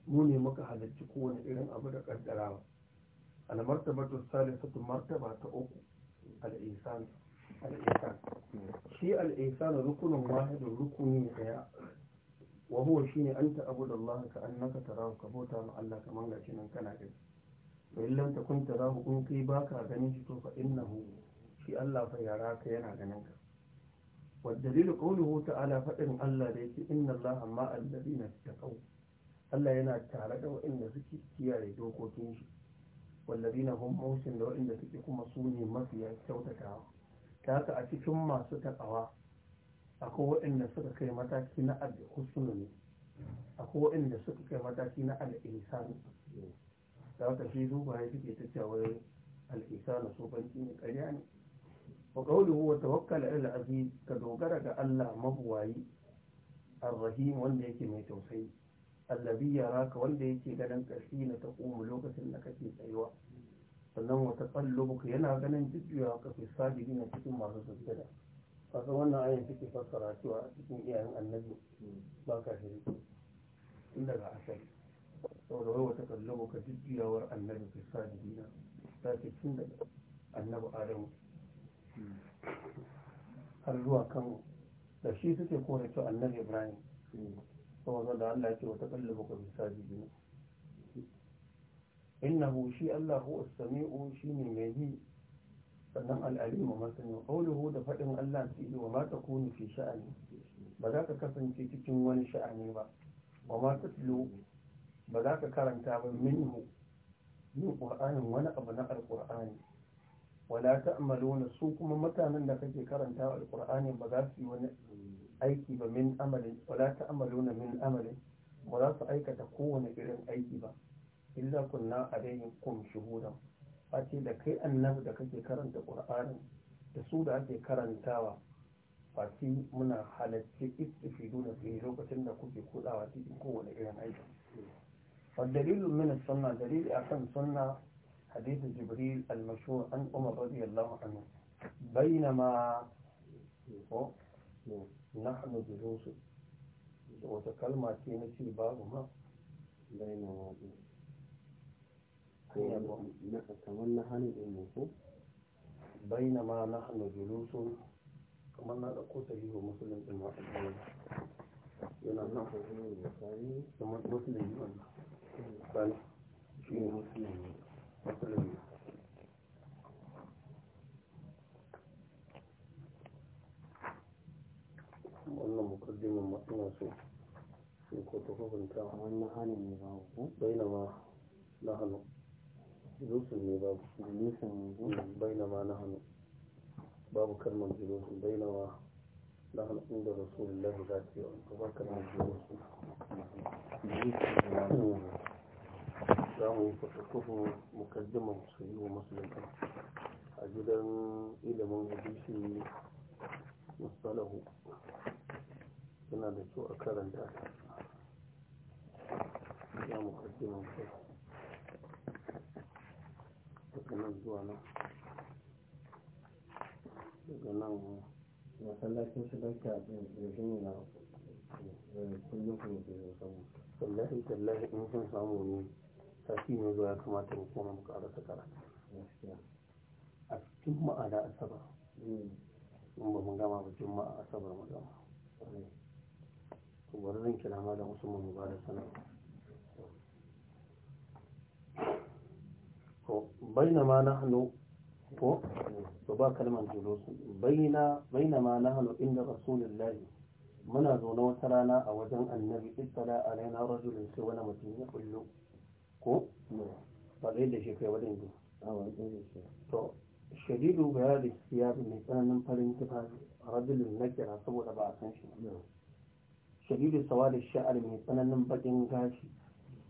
mu ne muka halarci kowane irin abu da kaddarawa al martabatu salisatu martaba ta uku al ihsan shi al'isan rukunin wahidin rukuni daya wa an shine anta abudallah ka annaka tarahu ka bauta ma Allah kaman shi nan kana gani Mai in lam takun tarahu baka ganin shi to fa innahu shi Allah fa yara ka yana ganin ka wa dalilu qawluhu ta'ala fadin Allah da yake inna Allah ma alladhina taqaw Allah yana tare da waɗanda suke kiyaye dokokin shi wallazina hum muhsin da waɗanda suke kuma sune mafiya kyautatawa ta a cikin masu takawa akwai waɗanda suka kai mataki na al-husnu ne akwai waɗanda suka kai mataki na al da haka shi zuba ya suke ta cewa al-ihsan su banki ne ƙarya ne wa qawluhu wa ta ala al ka dogara ga Allah mabuwayi al rahim wanda yake mai tausayi allazi yaraka wanda yake ganin ƙarfi na taqumu lokacin da kake tsayuwa sannan wata muka yana ganin jujjuya ka fi sajidi na cikin masu sujjada kasan wannan ayin take fassara cewa cikin iyayen annabi ba ka shiri tun daga asali saboda wai wata muka jujjuyawar annabi fi sajidi na ta ce tun daga annabi adam har zuwa kan da shi suke kone cewa annabi ibrahim saboda da allah ya ce wata tsallubuka fi sajidi na إنه شيء samiu هو السميع شيء من sannan al'alimu masani ƙauluhu da faɗin Allah fi'ili wa mata kuni fi sha'ani ba za ka kasance cikin wani sha'ani ba wa mata tilo ba za ka karanta ba minhu yin ƙur'anin wani abu na alƙur'ani wala ta amalona su kuma mutanen da kake karanta alƙur'ani ba za su yi wani aiki ba min amalin wala ta amalona min amalin ba za su aikata kowane irin aiki ba illa kunna alaihim kum shuhuda face da kai annabi da kake karanta qur'ani da su da ake karantawa face muna halarci istifiduna fi lokacin da kuke kudawa cikin kowane irin aiki فالدليل من السنة دليل أحسن سنة حديث جبريل المشهور عن عمر رضي الله عنه بينما نحن جلوس وتكلمت في نسي باب ما بينما كمان هني أمه بينما نحن جلوس كمان نقص له مسلم إمام الله ينحن نعم. يساني ثم مسلم إمام قال شو مسلم مسلم والله مقدم مطنس في كتبه بنتاعه بينما نحن julusun ne babu julusun baina ma na hannu babu kalmar julusun baina ma na hannu inda rasulullahi za ta yi ba kalmar julusun za mu yi fasakufin mukaddimar su yi wa musulunta a gidan ilimin hadisi musalahu yana da kyau a karanta ta ya mukaddimar su haka nan zuwa nan daga nan masallacin shi dauka da gini na kullum kuma da yau samu wallahi tallahi in sun samu ne sati ne zuwa ya kamata mu koma mu karasa karatu a cikin ma'ana asabar hmm. in ba mun gama ba juma'a asabar mu gama to bari zan kira mu ba da sana'a to baina ma nahnu to to ba kalman julus baina baina ma nahnu inda rasulullahi muna zaune wata rana a wajen annabi isra alaina rajulun sai wani mutum ya kullu ko ba zai da shi kai wajen ji to shadidu ga yadda siya mai tsananin farin tufafi rajulun na kira saboda ba a san shi shadidu sawa da sha'ar mai tsananin bakin gashi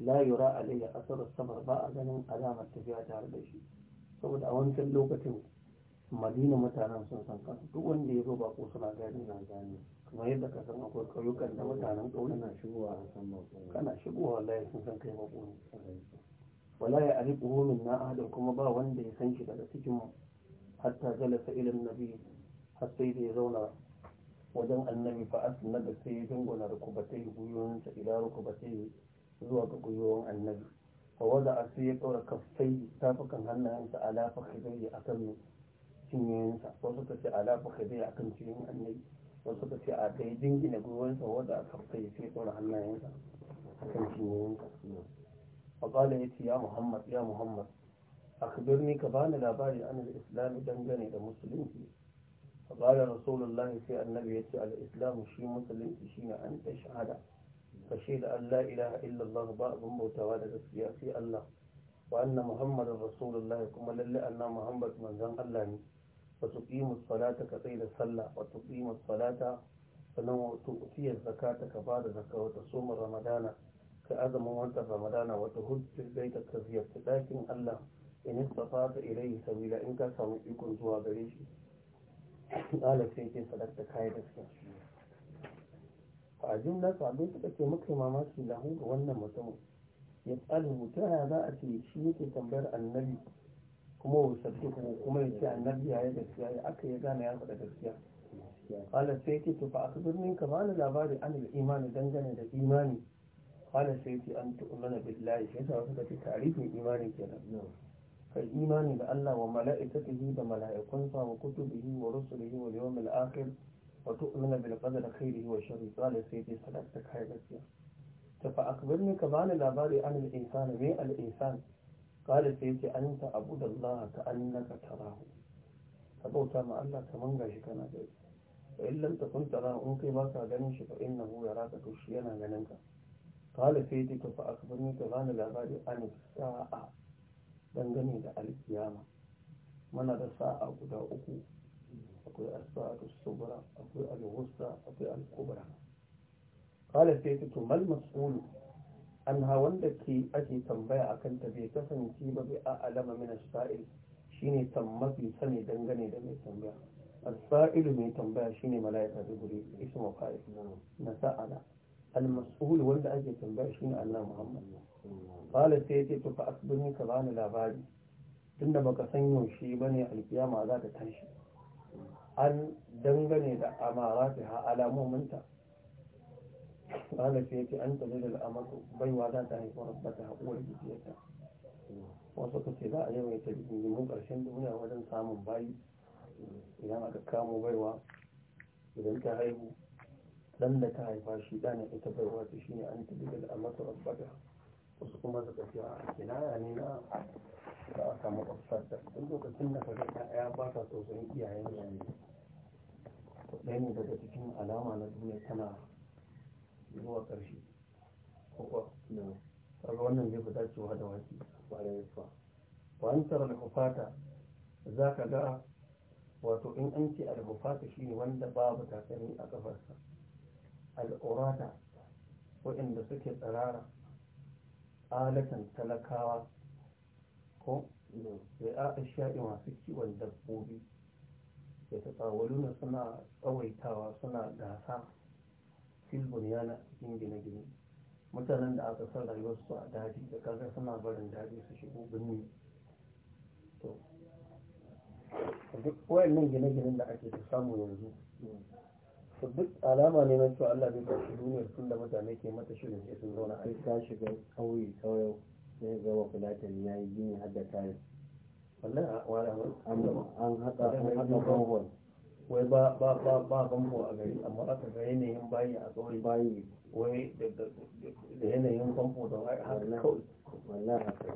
la yura alayya asar samar ba a ganin alamar tafiya tare da shi saboda a wancan lokacin madina mutanen sun san kansu duk wanda ya zo ba ko suna gani na gani kamar yadda ka san akwai ƙauyukan da mutanen ƙauyen na shigowa a san kana shigowa wallahi sun san kai makoni wala ya ari min na adam kuma ba wanda ya san shi daga cikin mu hatta jalasa ilin nabi har sai da ya zauna wajen annabi fa da sai ya dingona rukubatai gwiwoyinsa ila rukubatai zuwa ga gwiwoyin annabi wa da a ya ɗora kafai tafukan hannayensa ala fakhidai a kan cinyoyinsa wasu ka ce ala fakhidai a kan cinyoyin annabi wasu ka ce a ɗaya jingina gwiwoyinsa wada a kafai ya ɗora hannayensa a kan cinyoyinsa wa ƙala ya ce ya muhammad ya muhammad أخبرني كبان الأباري عن الإسلام دنجني لمسلمتي فقال رسول الله في shi musulunci shi ne an أن shahada. ka da Allah ilaha illallah ba abin bautawa da gaskiya sai Allah wa anna muhammadar rasulullah kuma lalle anna muhammad manzon Allah ne wa tuqimu salata ka da sallah wa tuqimu salata sannan wa tuqiya zakata ka bada zakka wa tasuma ramadana ka azumin watan ramadana wa tuhujjul baita ka ziyarci dakin Allah in istafata ilayhi sabila in ka samu ikon zuwa gare shi قال سيدي صدقت da gaskiya. a jumla abin suka ce muka mamaki da lahu ga wannan mutumin ya tsali mutum ya za a ce shi yake tambayar annabi kuma wa wasattu kuma ya ce annabi ya yi gaskiya ya aka ya gane ya faɗa gaskiya kala sai ce to fa aka birnin ka bani labari an imani dangane da imani kala sai ce an tu'mina billahi ya sa suka ce tarihin imani kenan kai imani da Allah wa mala'ikatihi da mala'ikunsa wa kutubihi wa rusulihi wa yawmil akhir وتؤمن بالقدر خيره وشره قال سيدي صدقتك هاي بسيا فأخبرني كمان الأباري عن الإنسان مي الإنسان قال سيدي أنت أبود الله كأنك تراه فبوتا ما الله تمنغا شكنا جاي فإن لم تكن تراه أنك باكا غنش فإنه يراك تشينا غننك قال سيدي فأخبرني كمان الأباري عن الساعة dangane da alkiyama mana da sa'a guda uku akwai asfa'atu subra akwai al akwai al-kubra qala sai to mal mas'ulu anha wanda ke ake tambaya akan ta bai kasance ba bai a'lama min as-sa'il shine tammafi sane dangane da mai tambaya as mai tambaya shine mala'ika da guri ismu fa'il na sa'ala al-mas'ul wanda ake tambaya shine Allah Muhammad qala sai ce to fa asbirni ka bani labari tunda baka san yaushe bane alkiyama za ta tashi an dangane da amarati ha alamominta ƙala sai ce an tabi da al'amatu baiwa za ta haifi ta haƙuwar jikiyarta wasu ka ce za a yi mai tarihin ƙarshen duniya wajen samun bayi idan aka kamo baiwa idan ta haihu dan da ta haifa shi ɗana ita baiwa ta shi ne an tabi da ta haifar. wasu kuma suka ce a ya ne na za a samu ofisarta duk lokacin da kaga ɗaya ba ta so sun iyayen yayi ɗaya ne daga cikin alama na duniya tana zuwa ƙarshe kuka kaga wannan zai fi dacewa da waki ba da yasuwa wa an tsara alhufata za ka ga wato in an ce alhufata shine wanda babu takalmi a kafarsa al'urata waɗanda suke tsirara alatan talakawa ko da a masu kiwon dabbobi da ta tsawaluna suna tsawaitawa suna gasa filbun yana cikin gine-gine mutanen da aka san rayuwarsu a daji da kasar suna barin daji su shigo birni to duk wayannan gine-ginen da ake samu yanzu to duk alama ne na cewa Allah bai kashi duniyar tun da mutane ke mata shirin sai sun zauna a ta shiga kauye kauye sai ga wa fulatan ya yi gini har da kayan wallahi a wani an haka an haka bambon wai ba ba ba ba bambo a gari amma aka ga yanayin bayi a tsori bayi wai da yanayin famfo da haka kawai wallahi haka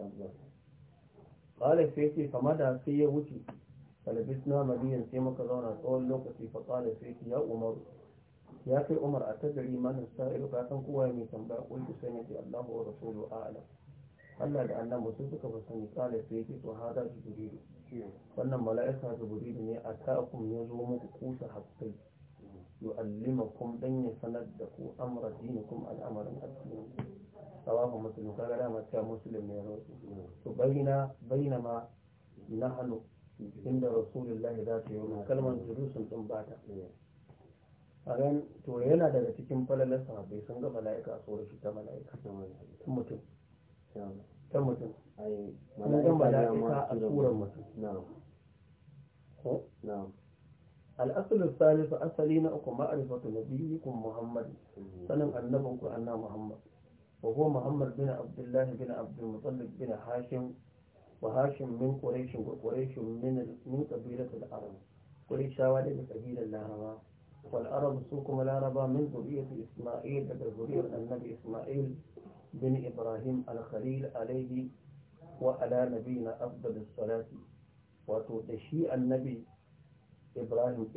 tabbas qala sai ce fama da sai ya wuce falabisna madiyan sai muka zauna tsawon lokaci fa qala sai ya umar ya kai umar a tagari imanin sa'ilu ka san kowa mai tambaya kulki sai nake allahu wa rasulu a'lam Allah da Allah mutum suka fi sani kala sai yake to hada jibrilu wannan mala'ika jibrilu ne a ta'akum ya zo muku kusa hakkai yu'allimakum dan ya sanar da ku amra dinikum al'amarin addini sawahu muslim kaga da mata muslim ne rawu Su bayna bayna ma nahnu inda rasulullah za ta yi kalmar jirusun sun ba ta a ran to yana daga cikin falalar sahabbai sun ga mala'ika a da shi ta mala'ika sun mutum sun mutum sun ga mala'ika a tsoron mutum al'asalin sani su asali na uku ma'arifatu na biyu kun muhammad mm-hmm. sanin annabin ku anna muhammad wa kuma muhammad bin abdullahi bin abdul mutallik bin hashim وهاشم من قريش وقريش من من قبيلة العرب قريش وادي قبيلة العرب والعرب سوكم العرب من ذرية إسماعيل ذرية النبي إسماعيل بن إبراهيم الخليل عليه وعلى نبينا أفضل الصلاة وتدشي النبي إبراهيم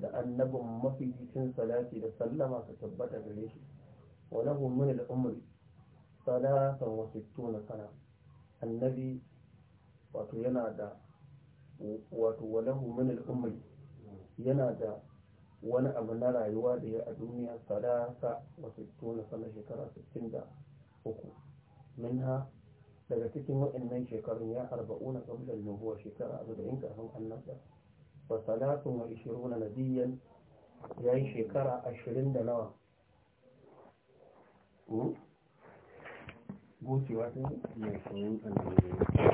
da annabin mafificin salati da sallama su tabbata gare shi wa lahu min al-umri salatan wa sittuna sana annabi wato yana da wato walahu min al-umri yana da wani abu na rayuwa da ya a duniya sadaka wa sittuna sana shekara 63 minha daga cikin waɗannan shekarun ya arba'una qabla nubuwa shekara 40 kafin annabta wa salatun wa 20 nabiyyan yi shekara 20 da nawa hmm? gocewa ta yi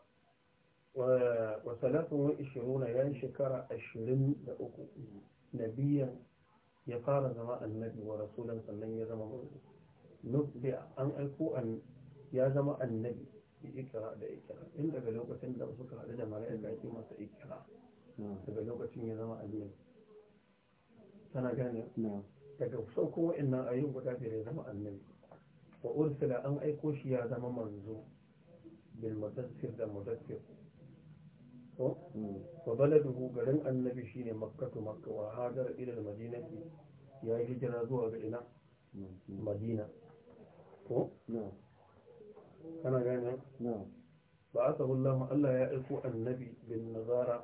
salatu wa ishiruna ya yi shekara ashirin da uku nabiyan ya fara zama annabi wa rasulan sannan ya zama manzo nubbiya an aiko ya zama annabi ikira da ikira in daga lokacin da suka haɗu da mala'ika ake masa ikira daga lokacin ya zama annabi tana gane daga sauko wa'annan ayyun guda biyar ya zama annabi wa ursila an aiko shi ya zama manzo bil da mudassir ko wa baladuhu garin annabi shine makkatu makka wa hajar ila almadinati ya yi hijira zuwa ga ina madina ko kana gane ba aka hullahu Allah ya iso annabi Binnazara,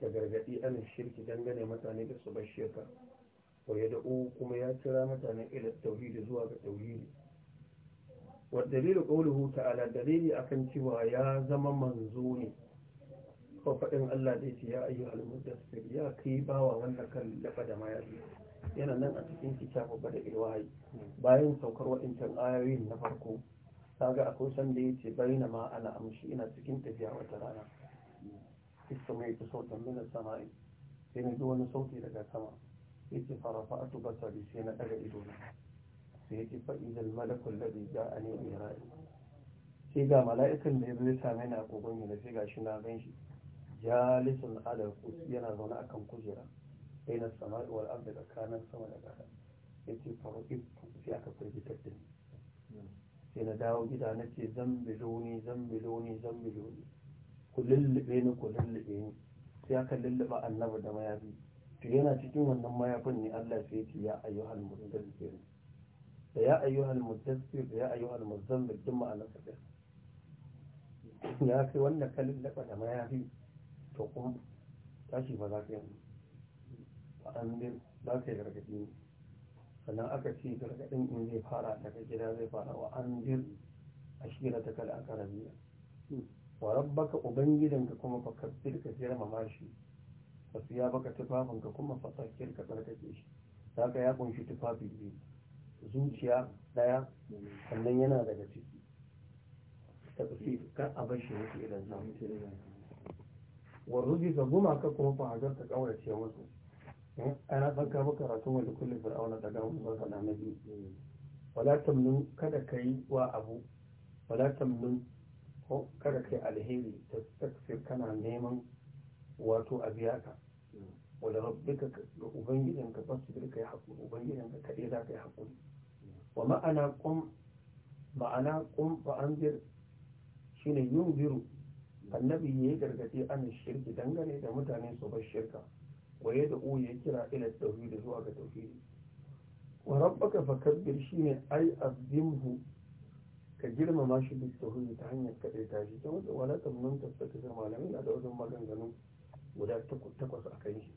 da gargadi an shirki dangane mutane da su bar shirka wa ya da'u kuma ya kira mutane ila tauhidi zuwa ga tauhidi wa dalilu qawluhu ta'ala dalili kan cewa ya zama manzo ne ko faɗin Allah zai ce ya ayyu al-muddassir ya kai bawa wanda kan lafa da mayafi yana nan a cikin kitabu bada ilwahi bayan saukar waɗancan ayoyin na farko ga akwai san da ce bayna ma ana amshi ina cikin tafiya wata rana ismai ta sautan samai sai na ji wani sauti daga sama yace farafa'atu basari sai na daga ido na sai da fa riga malaku alladhi ja'ani mira'i sai ga mala'ikan da ya zo same ni a kogon yana sai shi na gan shi jalisun ala kursi yana zaune akan kujera bayan sama'i wal ardi tsakanin sama da ya ƙasa yace faruqi sai aka firgitar da ni sai na dawo gida na ce nace zambiloni zambiloni zambiloni ku lullube ni ku lullube ni sai aka lulluba annabi da mayafi to yana cikin wannan mayafin ne Allah sai ya ce ya ayyuhal mudaththir da ya ayyuhal mudaththir da ya ayyuhal muzammil duk ma'anar sa ya kai wanda ka lullaba da mayafi to kuma tashi ba za ka yi an dai za ka yi gargaɗi ne sannan aka ce gargaɗin in zai fara daga gida zai fara wa an jir a shira ta kala aka rabiya wa rabbaka ubangidanka kuma fa kabbir ka girmama shi fa siya baka ka kuma fa tsakiyar ka tsarkake shi za ka ya kunshi tufafi biyu zuciya ɗaya sannan yana daga ciki ta kar a bar shi yake idan samu wa ruji ga gumaka kuma fa hazarta kaurace musu eh, ana tsaka ba karatu wani kullum fir'auna daga wani faɗa na biyu wala tamnun kada ka yi wa abu wala tamnun kada ka yi alheri ta takfir kana neman wato a biya ka wala rabbika ga ka ubangijinka fasbir ka yi haƙuri ka kaɗai za ka yi haƙuri wa ma'ana kum ba'an kum fa anzir shine yunziru annabi ya yi gargaɗi an shirki dangane da mutane su bar shirka waye da u ya kira ila tauhidi zuwa ga tauhidi wa rabbaka fakabbir shine ai azimhu ka girmama shi da tauhidi ta hanyar kade ta shi ta da wala ta tabbata da malamin da wajen maganganu guda takwas a kan shi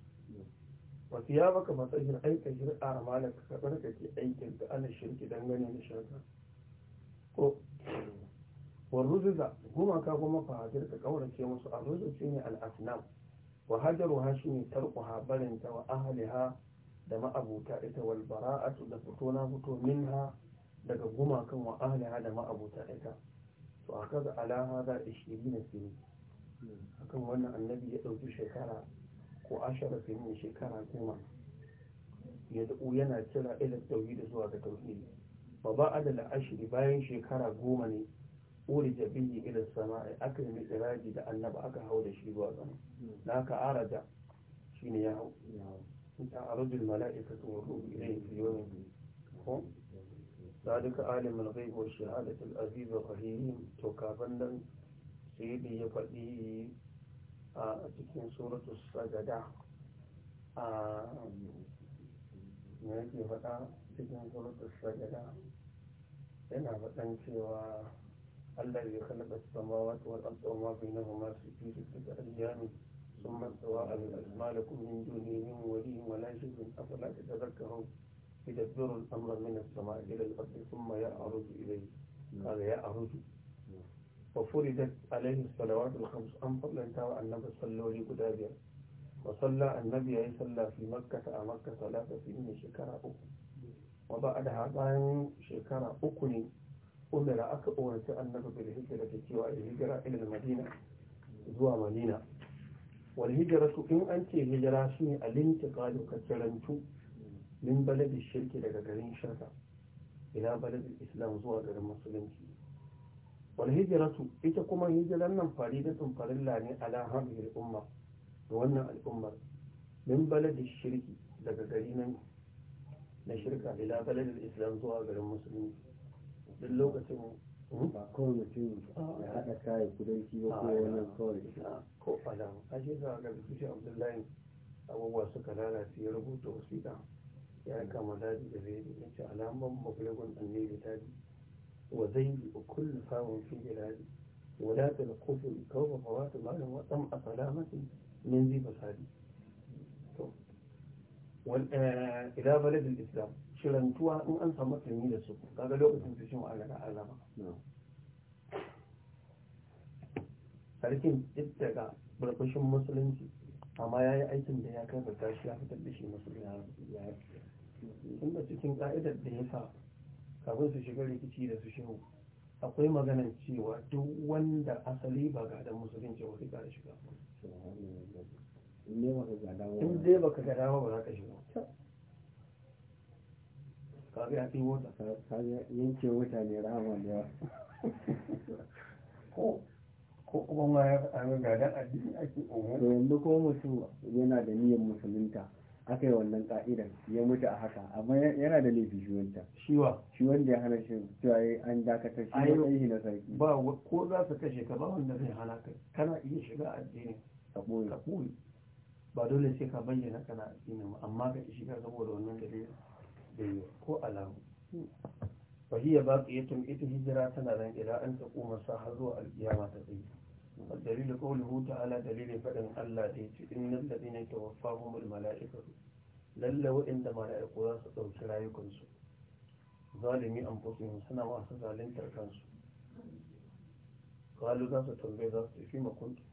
wasu ya baka matsayin aika shir'a a malaka ka tsarkake aikin da ana shirki dangane da shirka ko warruzuza gumaka kuma fa dirka kaurace musu arruzu shine al-asnam wa hajaruha shine tarquha barinta wa ahliha da ma'abuta ita wal bara'atu da fito na fito minha daga gumakan wa ahliha da ma'abuta ita to aka ga ala akan wannan annabi ya dauki shekara ko ashara sini shekara kuma ya da'u yana kira ila da zuwa ga tauhidi wa ba'ada al-ashri bayan shekara goma ne uri jabiyyi ila sama'i aka yi misiraji da annaba aka hau da shi zuwa sama da aka araja shine ya hau ta arujul mala'ikatu wa ruhu ilayhi fi yawmin ko ذلك عالم الغيب والشهادة العزيز الرحيم to kafin nan sayyidi ya faɗi a cikin suratu sagada a me ke faɗa cikin suratu sagada yana faɗan cewa الذي خلق السماوات والأرض وما بينهما في ستة أيام ثم استوى على الأرض ما لكم من دونه من ولي ولا شيء أفلا تتذكرون يدبر الأمر من السماء إلى الأرض ثم يعرج إليه نعم. قال يعرج وفردت عليه الصلوات الخمس أم لن أن ترى النبي صلى الله عليه وصلى النبي صلى في مكة أه، مكة صلاة في شكرا أخرى وبعدها بعد شكرا أخرى umira aka umarci annabi bil hijira da cewa al hijira ila madina zuwa madina wal hijira su in an ce hijira shine al-intiqalu ka kirantu min baladi shirki daga garin shirka ila baladin islam zuwa garin musulunci wal hijira su ita kuma hijiran nan faridatun farilla ne ala hadhihi umma ga wannan al'ummar min baladi shirki daga garin nan na shirka ila baladin islam zuwa garin musulunci lokacin hmm? ba kawai mutum ah, ya haɗa kayan kudanci ba ko ah, wani kawai ah, ko alamu a za a ga biki abdullahi abubuwa suka lalace ya rubuta wasiƙa ya aika hmm. ma daji da zai ya ce alaman mabulagun da daji wa zai yi a kullu samun fi ilaji wala ta da kofin kawai ba wata malin waɗan a salamatin min zai fasadi إلى بلد الإسلام shirantuwa in an samu sanyi da su kaga lokacin su shi ma'ana da azama sarkin daga burbushin musulunci amma ya yi aikin da ya kai ga tashi ya fitar da shi musulunci ya yi inda cikin ka'idar da ya sa kafin su shiga rikici da su shehu akwai maganar cewa duk wanda asali ba ga da musulunci wasu ka shiga in dai baka ga dawa ba za ka shiga yanke wuta ne rahama da yawa ko kuma ma ga dan addini ake umar to yanzu ko mutum yana da niyyar musulunta aka yi wannan ka'idan ya mutu a haka amma yana da laifi shi wanda shiwa shi wanda ya hana shi cewa an dakatar shi matsayi na sarki ba ko za su kashe ka ba wanda zai hana ka kana iya shiga addini ka boye ba dole sai ka bayyana kana addini amma ka shiga saboda wannan dalilin da ko alamu fahiyya ba ka yi tun ita hijira tana nan ila an ta kuma sa har zuwa alkiyama ta tsaye Dalilu kawai huta ala dalili faɗin allah da ya ce in na daɗi ne ta wafa kuma da mala'ikar lalle waɗanda mala'iku za su ɗauki rayukansu zalimi an fasu yin suna masu zalintar kansu kalu za su tambaye za su fi makuntu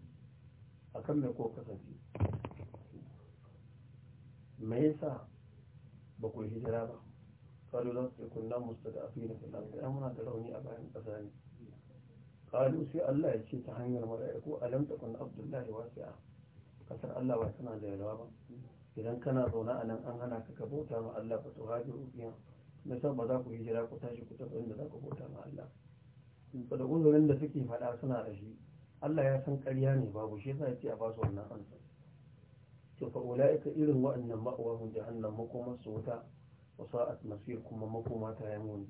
a kan mai ko kasance me sa? ba ku hijira ba kalu za su kunna musta da afi na filan da muna da rauni a bayan ƙasa ne kalu sai Allah ya ce ta hanyar mala'iku alam ta kunna abdullahi a. kasar Allah ba tana da yalwa ba idan kana zaune a nan an hana ka ka bauta ma Allah ba to hajiru biya na san ba za ku hijira ku tashi ku tafi inda za ku bauta ma Allah saboda uzurin da suke faɗa suna da shi Allah ya san ƙarya ne babu shi yasa ya ce a ba su wannan amsa to fa ulaika irin wa'annan ma'awahum jahannam makoma su wuta wa sa'at masir kuma makoma ta yamun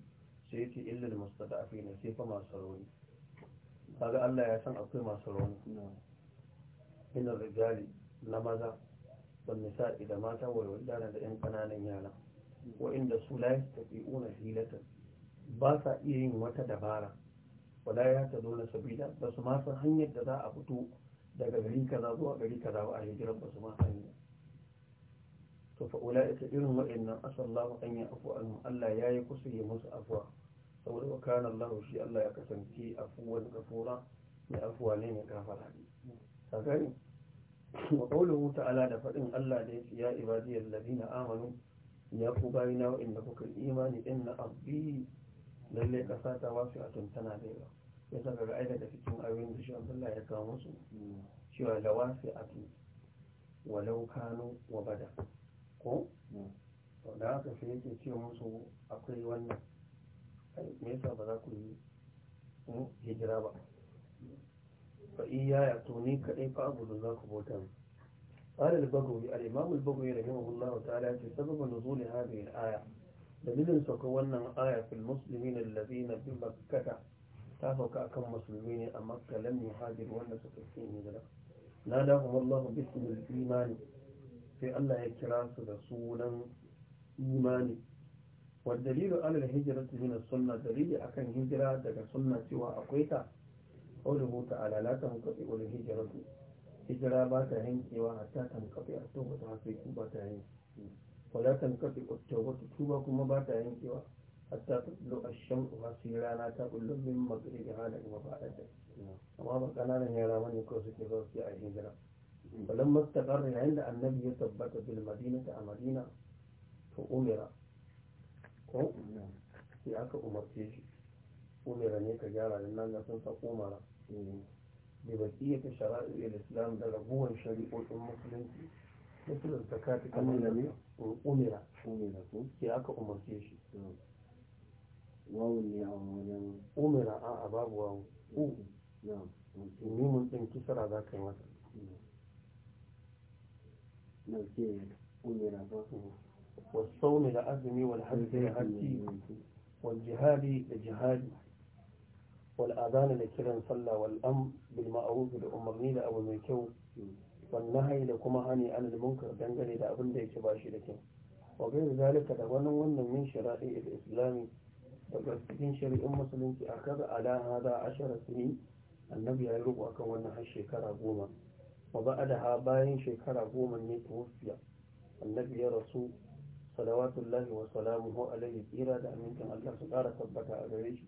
sai yace illa al mustada'afina sai fa masu rauni kaga Allah ya san akwai masu rauni min rijali na maza wal nisa'i da mata wa wadana da yan kananan yara wa inda su la yastafi'una hilatan ba sa iya yin wata dabara wala ya ta dole sabida ba su ma san hanyar da za a fito daga gari kaza zuwa gari kaza ba a hijirar ba su ma sani to fa ita irin waɗannan asallahu an ya afu anhu Allah yayi kusa ya musu afuwa saboda wa kana Allah shi Allah ya kasance afuwan gafura mai afuwa ne mai gafara ka gani wa ta'ala da faɗin Allah da yace ya ibadiyal ladina amanu ya ku bayina wa'anda kuka imani Lallai abdi lalle wasu a tana da yawa ya saka ga aida da cikin ayoyin da shi Allah ya kawo musu cewa lawasi atu walau kanu wa bada ko da haka sai yake ce musu akwai wannan me yasa ba za ku yi hmm, hijira ba fa iyaya to tuni kaɗai fa abu da za ku bauta قال البغوي الإمام البغوي رحمه الله تعالى في سبب نزول هذه الآية دليل سكونا آية في المسلمين الذين بمكة ta sauka kan musulmi ne a makka lam yuhajir wanda suka na hijira nadahum Allah bismil imani sai Allah ya kira su da sunan imani wa dalilu alal hijrati min as-sunnah dalili akan hijira daga sunna cewa akwai ta qawluhu ta'ala la tanqati wal hijratu hijira ba ta yankewa hatta tanqati at-tawbah ta sai ku ba ta yanke wala tanqati at-tawbah tuba kuma ba ta yankewa حتى تطلع الشمس مسيرا لا تقل من مغربها نجم بعد amma ba ƙananan yara wani ko suke ba su a hijira balan mustaqarra yayin da annabi ya tabbata bil madinata a madina to umira ko sai aka umarce shi umira ne ka gyara da nan sun sa umara da baki ta shara'il islam da rabuwan shari'o'in musulunci musulun zakati kan ne umira umira ko sai aka umarce shi wawun ne a wajen umira babu wawun u na mimun kisara za ka yi mata wasu da azumi wal da harfi wal jihadi da jihadi wal da kiran sallah wal am bil ma'aruf da umarni da abu mai kyau wal nahayi da kuma hani an munkar dangane da abin da yake ba shi da kyau wa gairi zalika da wannan wannan min shara'i al-islami daga shari'in musulunci a kaga ala a ashara sini annabi ya yi riko akan wannan har shekara goma wa ba'adaha bayan shekara goma ne tuwafiya annabi ya rasu salawatullahi wa salamuhu alaihi tsira da amincin Allah su kara tabbata a gare shi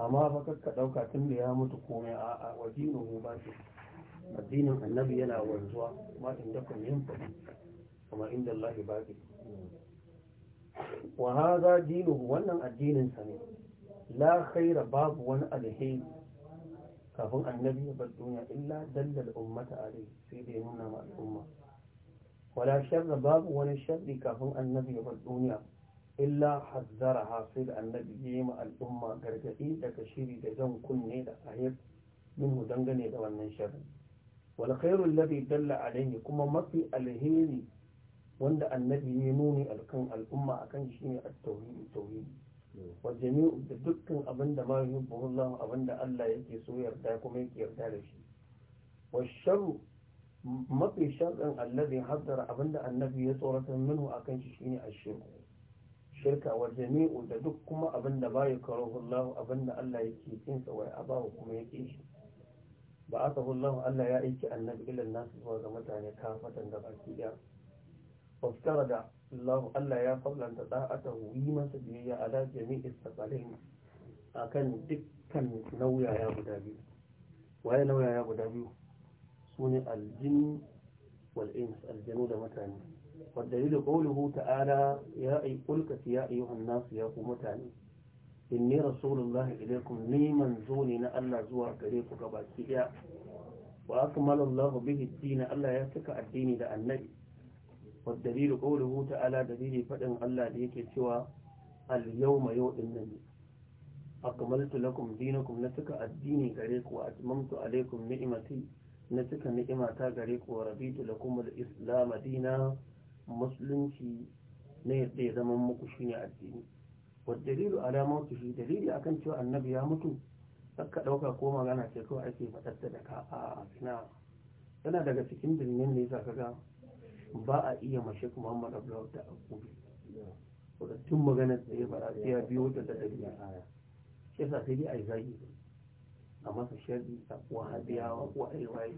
amma ba kakka ɗauka tun da ya mutu komai a mu ba shi addinin annabi yana wanzuwa ma inda kun yin faɗi kuma inda Allah baki. wa haza dinuhu wannan addininsa ne la khaira babu wani alheri kafin annabi ya bar duniya illa dallal ummata alai sai da nuna ma al'umma wala sharra babu wani sharri kafin annabi ya bar duniya illa hazzara hasil annabi ya yi ma al'umma gargaɗi daga shiri da zan kunne da Min mu dangane da wannan sharri wal khairu alladhi dalla alaihi kuma mafi alheri wanda annabi ya nuni alkan al'umma akan shi ne at-tauhid tauhid wa jami'u da dukkan abin da ma yuhibbu Allah abin da Allah yake so yarda kuma yake yarda da shi wa sharru mafi sharrin allazi haddara abin da annabi ya tsoratar minhu akan shi shine ashirku shirka wa jami'u da duk kuma abin da ba ya karo Allah abin da Allah yake yin sa wa abahu kuma yake shi ba asahu Allah Allah ya aiki annabi ila nasu zuwa ga mutane kafatan da baki ɗaya. fuskara da Allah ya faɗanta ɗa'ata yi masa biyayya a da jami istasalin a kan dukkan nauyaya guda biyu waye nauyaya guda biyu su ne da mutane wadda yi da ƙoli huta ada ya yi ƙulƙasi ya yi hannu su ya mutane in ne rasulun zahi neman zo na allah zuwa gare ku ga baki ɗaya wa aka malar bihi dina allah ya cika addini da annabi والدليل قوله تعالى دليل فدن الله da yake cewa al-yawma yawdin nan akmaltu lakum dinakum na cika addini gare ku wa atmamtu alaikum ni'mati na cika ni'imata gare ku wa rabitu lakum al-islam dina musulunci ne yadda ya zama muku shine addini wa dalilu ala mawtihi dalili akan cewa annabi ya mutu ka dauka ko magana ce kawai ake fadar da ka a ina yana daga cikin dalilin ne zaka ga ba a iya mashi kuma Muhammad Abdullah da akubi kuma tun magana tsaye ba sai biyo da da dabiya shi yasa sai dai a yi zagi a masa sharri a kuwa hadiyawa a yi waye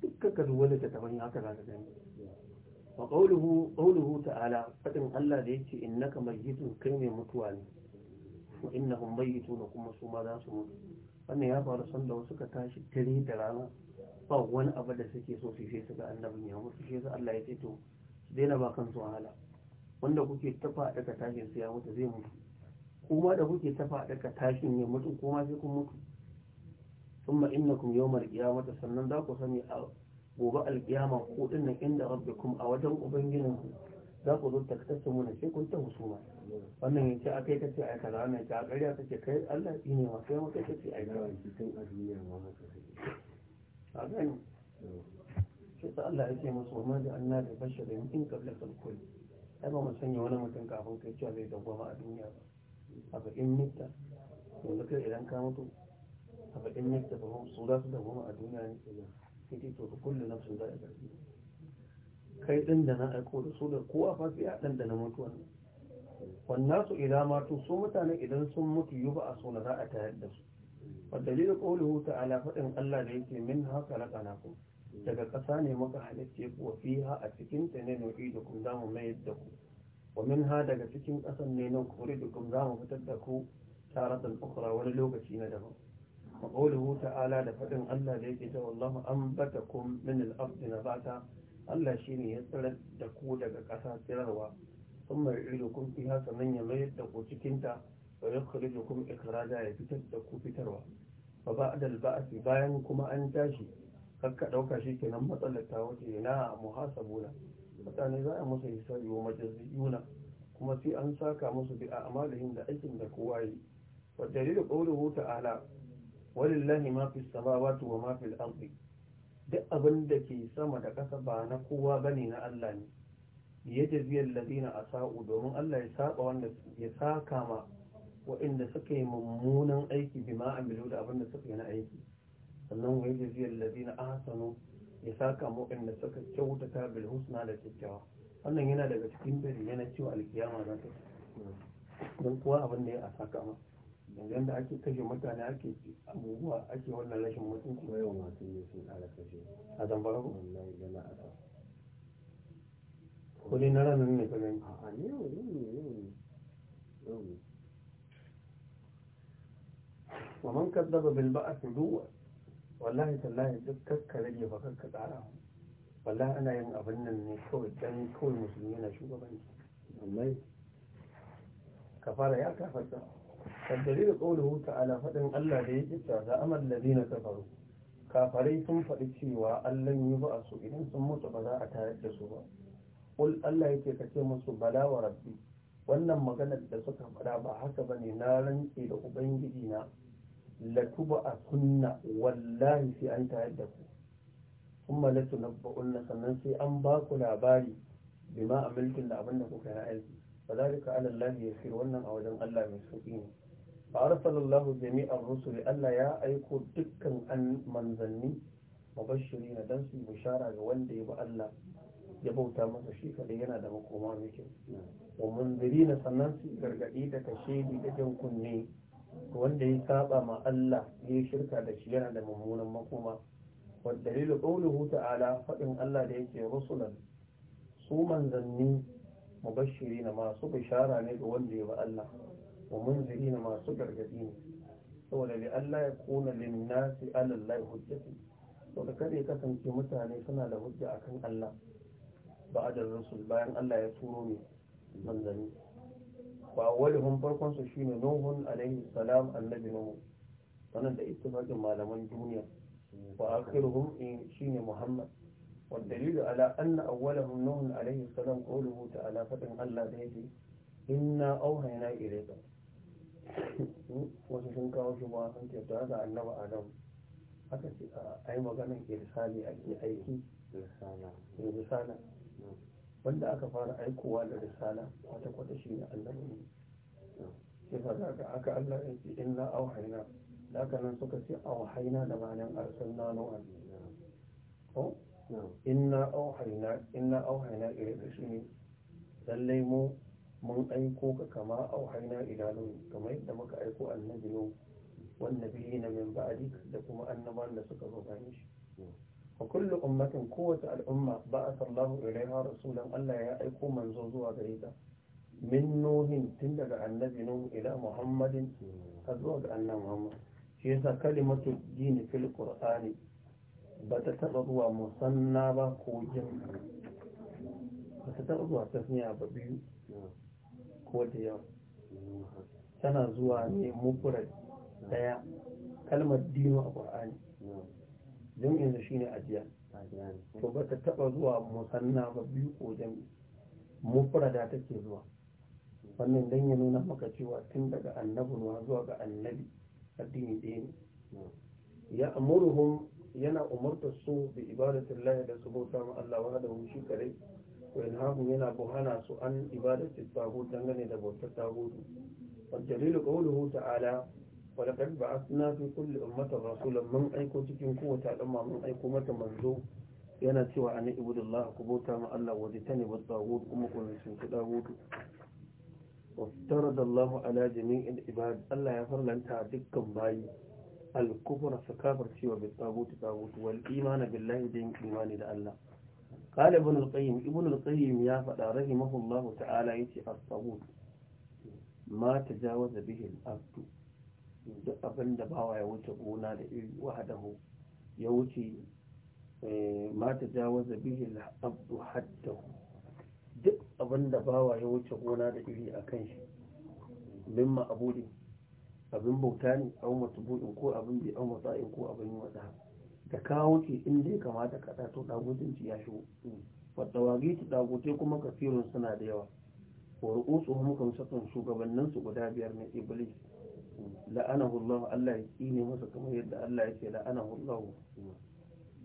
dukkan ka duwa da tattaban haka za ka gani wa qawluhu ta'ala fadin Allah da yace innaka mayyitun kai mai mutuwa ne wa innahum da kuma su ma za su mutu wannan ya faru sanda wasu ka tashi tare da rana ba wani abu da suke so su sai su ga annabin ya mutu shi Allah ya ce to daina ba kansu wahala wanda kuke tafa daga tashin su ya mutu zai mutu kuma da kuke tafa daga tashin ya mutu kuma sai kun mutu thumma innakum yawmal qiyamati sannan za ku sani a gobe alkiyama ko nan inda kuma a wajen ku za ku zo ta kasance mu sai kun ta husuma wannan yace a kai kace ai kaza wannan yace a ƙarya kace kai Allah shine ma sai mu kai kace ai kaza a gani sai ta Allah ya ce masu wama da an nari bashirin in kabla kalkul ai ba mu sanya wani mutum kafin kai cewa zai dawwama a duniya ba a bakin mita yanzu kai idan ka mutu a bakin mita ba su za su dawwama a duniya ne sai ce to kullu nafsu za a karfi kai din da na aiko da su da kowa fa sai a dan da na mutuwa ne. wannan su idan matu su mutane idan sun mutu yuba a so na za a tayar da su والدليل قوله تعالى فإن الله ليس منها خلقناكم daga ƙasa ne muka halitta ku fiha a cikin ta ne nufi da kun zamu mayar da ku wa minha daga cikin ƙasan ne nan kuri da kun zamu fitar da ku taratan ukhra wani lokaci na daban wa qawluhu ta'ala da fadin Allah da yake cewa Allahu anbatakum min al-ard nabata Allah shine ya tsirar da ku daga ƙasa tsirarwa kuma yu'idukum fiha sanan ya mayar da ku cikin ta wa kuma ikraja ya fitar da ku fitarwa fa ba'da al-ba'th bayan kuma an tashi Kar kakka dauka kenan matsalar ta wuce na muhasabuna mutane za a musu hisabi wa majaziyuna kuma sai an saka musu bi a'malihim da aikin da kowa yi wa dalilu qawluhu ta'ala walillahi ma fi samawati wa ma fi al duk abin ke sama da kasa ba na kowa bane na Allah ne yadda biyar ladina sa'u domin Allah ya saba wanda ya saka ma waɗanda suka yi mummunan aiki bi ma amilu da abin da suka yi na aiki sannan wai da ziyar lazi na asano ya saka waɗanda suka ta bil husna da kyakkyawa wannan yana daga cikin dare yana cewa alkiyama za ta don kuwa abin da ya a saka ma yanzu da ake kashe mutane ake abubuwa ake wannan rashin mutunci yawan masu yi sun ala kashe a zamfara ko wallahi yana a ta ko na ranar ne ka gani a ne yau ne yau ne ومن كذب بالبعث دوه والله تالله ذكرك الذي فكرك تعالى والله انا يوم ابن النشوء الجن كل المسلمين شو بني الله كفار يا كفار فالدليل قوله تعالى فدن الله دي جدا اما الذين كفروا كفري ثم فدشي وان يبعثوا اذا ثم تبدا اتهجسوا قل الله يكي كتير مصر بلا وربي wannan maganar da suka faɗa ba haka ba ne na ranke da latuba a sunna wallahi sai an tayar da ku kuma latu na ba'unna sannan sai an ba ku labari bima a mulkin da abin da kuka yi aiki ba za ka ala Allah ya fi wannan a wajen Allah mai sauƙi ne ba a rasa lallahu jami'ar rusuli Allah ya aiko dukkan an manzanni mabashiri na dan su bishara ga wanda ya bi Allah ya bauta masa shi kaɗai yana da makoma mai kyau wa munziri na sannan su gargaɗi da kashe da jan kunne wanda ya saba ma Allah ya shirka da shi yana da mummunan makoma wadda dalilu qawluhu ta'ala fadin Allah da yake rusulan su manzanni mubashirina masu bishara ne ga wanda ya ba Allah wa munzirina masu gargadi ne saboda li Allah ya kuna lin nasi ala Allah hujjati saboda kada ya kasance mutane suna da hujja akan Allah ba'da rusul bayan Allah ya turo ne manzanni wa awwaluhum farkon su nuhun alaihi salam annabi nuhu wannan da malaman duniya wa akhiruhum eh, shine muhammad والدليل على أن أولهم نوح عليه السلام قوله تعالى فتن الله ديدي إنا أوهينا إليك wasu sun kawo shi ba sun ce ta da annaba adam aka ce a yi maganin irsali ake aiki irsala wanda aka fara aikowa da risala kwata-kwata shi ne ne sai ba za ka aka Allah ya ce inna auhaina da aka nan suka ce auhaina da ma'anin arsalna nuwa ko inna auhaina na auhaina ilayka shi ne lallai mu mun aiko ka kama auhaina ila kamar yadda muka aiko annabi nuwa wannan biyu na min ba'dik da kuma annaban da suka zo bayan shi wa kullu ummatin kowace al'umma ba a sallahu ilaiha rasulan Allah ya aiko manzo zuwa gare ta min nuhin tun daga annabi nuhu ila muhammadin ka zuwa ga annan muhammad shi yasa kalimatu dini fil qur'ani ba ta taba zuwa musanna ba ko jin ba ta taba zuwa tasniya ba biyu ko da yawa tana zuwa ne mufrad daya kalmar dino a qur'ani jam'in da shine ajiya to ba ta taba zuwa musanna ba biyu ko jam'i mufrada take zuwa wannan dan ya nuna maka cewa tun daga annabi nuwa zuwa ga annabi addini ɗaya ne ya amurhum yana umarta su bi ibadatin lahi da su bauta ma Allah wa da shi kare ko in yana buhana su an ibadatin tagut dangane da bautar tagut wa dalilu qawluhu ta'ala ولقد بعثنا في كل أمة رسولا من أيكو تكين قوة الأمة من أيكو متى منذو yana cewa a na'ibu da Allah ku bauta Allah waje ta ne wata kuma ku su kuɗa hudu waftara da Allah ala jami'in ibad Allah ya farlanta dukkan bayi al sakafar cewa bi tsagutu tsagutu wal imana billahi da yin imani da Allah qala ibn al ya faɗa rahimahullahu ta'ala yace as-tsagut ma tajawaza bihi al-abdu duk abin da bawa ya wuce gona da iri wahadahu ya wuce eh, ma ta jawaza bihi abdu haddahu duk abin da bawa ya wuce gona da iri a kan shi mimma abudi abin bauta ne au buɗin ko abin bi au matsa'in ko abin yi wada da ka wuce inda ya kamata ka ɗato ɗagutunci ya shigo wadawage ta ɗagute kuma kafirun suna da yawa wa ru'usu hum sakan shugabanninsu guda biyar na iblis la'anahu Allah Allah ya tsine masa kamar yadda Allah ya ce la'anahu Allah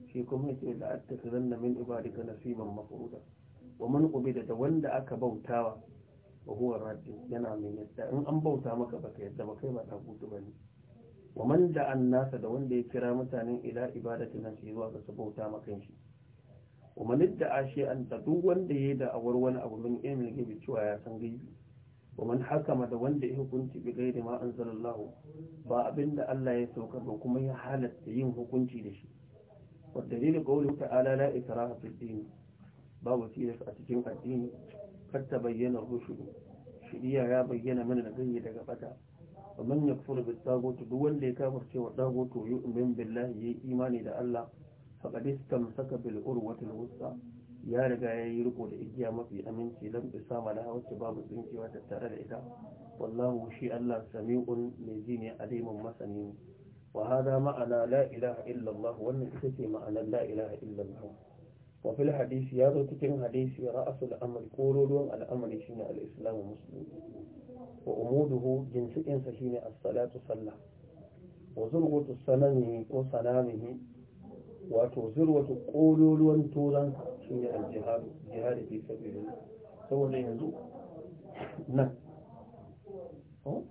shi kuma yake la'attakiranna min ibadika nasiban mafruda wa man qubida da wanda aka bautawa wa huwa yana mai yadda in an bauta maka baka yadda ba kai ba ta gudu bane wa man da annasa da wanda ya kira mutanen ila ibadati shi zuwa ga bauta maka shi wa man da ashe an da duk wanda yayi da awarwani abu min ilmin gibi cewa ya san gaibi wa haka ma da wanda ya hukunci bi gairi ba abinda Allah ya sauka ba kuma ya halatta yin hukunci da shi wa dalilin qawli ta'ala la ikraha fid din ba wasilas a cikin addini kar ta bayyana rushdu shiriya ya bayyana mana da ganye daga bata wa man yakfuru bit tagut duk wanda ya kafirce wa tagut yu'min billahi yayi imani da Allah faqad istamsaka bil urwatil wuthqa ya riga ya yi riko da igiya mafi aminci lam bi sama na wacce babu tsinkewa tattare da ita wallahu shi Allah sami'un mai ji ne alimun masani wa hada ma'ana la ilaha illa wannan ita ce ma'anar la ilaha illa wa fil hadisi ya zo cikin hadisi ra'asul amr ko ruwan al'amari shine al-islamu muslim wa umuduhu jinsikin sa shine as-salatu sallah wa zurwatu sanamihi ko sanamihi wato zurwatu kololuwan tozansa shine al-jihad fi sabilillah saboda yanzu nan ko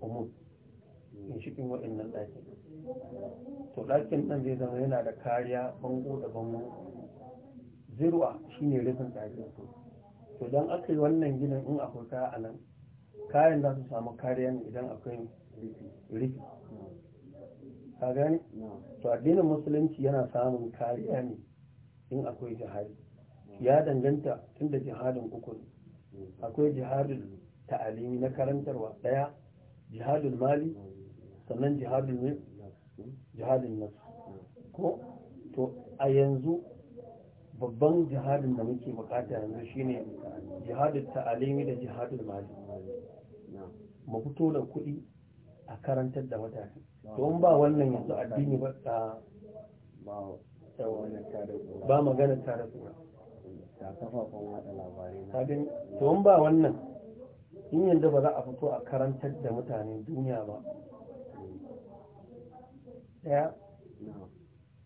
umu in cikin waɗannan ɗakin to ɗakin ɗan zai zama yana da kariya bango da bango zirwa shine rufin ɗakin to don aka yi wannan ginin in a kaya a nan kayan za su samu kariya idan akwai rufi ka gani to addinin musulunci yana samun kariya ne in akwai jihadi ya danganta tunda jihadin uku akwai jihadin ta'alimi na karantarwa daya jihadin mali sannan jihadin ne jihadin nasu ko to a yanzu babban jihadin da muke bukata yanzu shine jihadin ta'alimi da jihadin mali mu fito da kuɗi a karantar da mutane don ba wannan yanzu addini ba ba magana tare kura ta gani to in ba wannan in yanzu ba za a fito a karantar da mutane duniya ba daya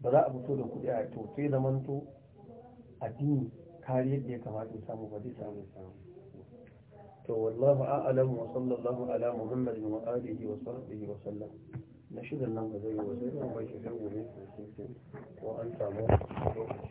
ba za a fito da kuɗi a to sai zamanto addini kari yadda ya kamata samu ba zai samu samu والله أعلم وصلى الله على محمد وآله وصحبه وسلم na shidan nan ba zai yi sai ɗan bai shi sai gobe ko an samu lokaci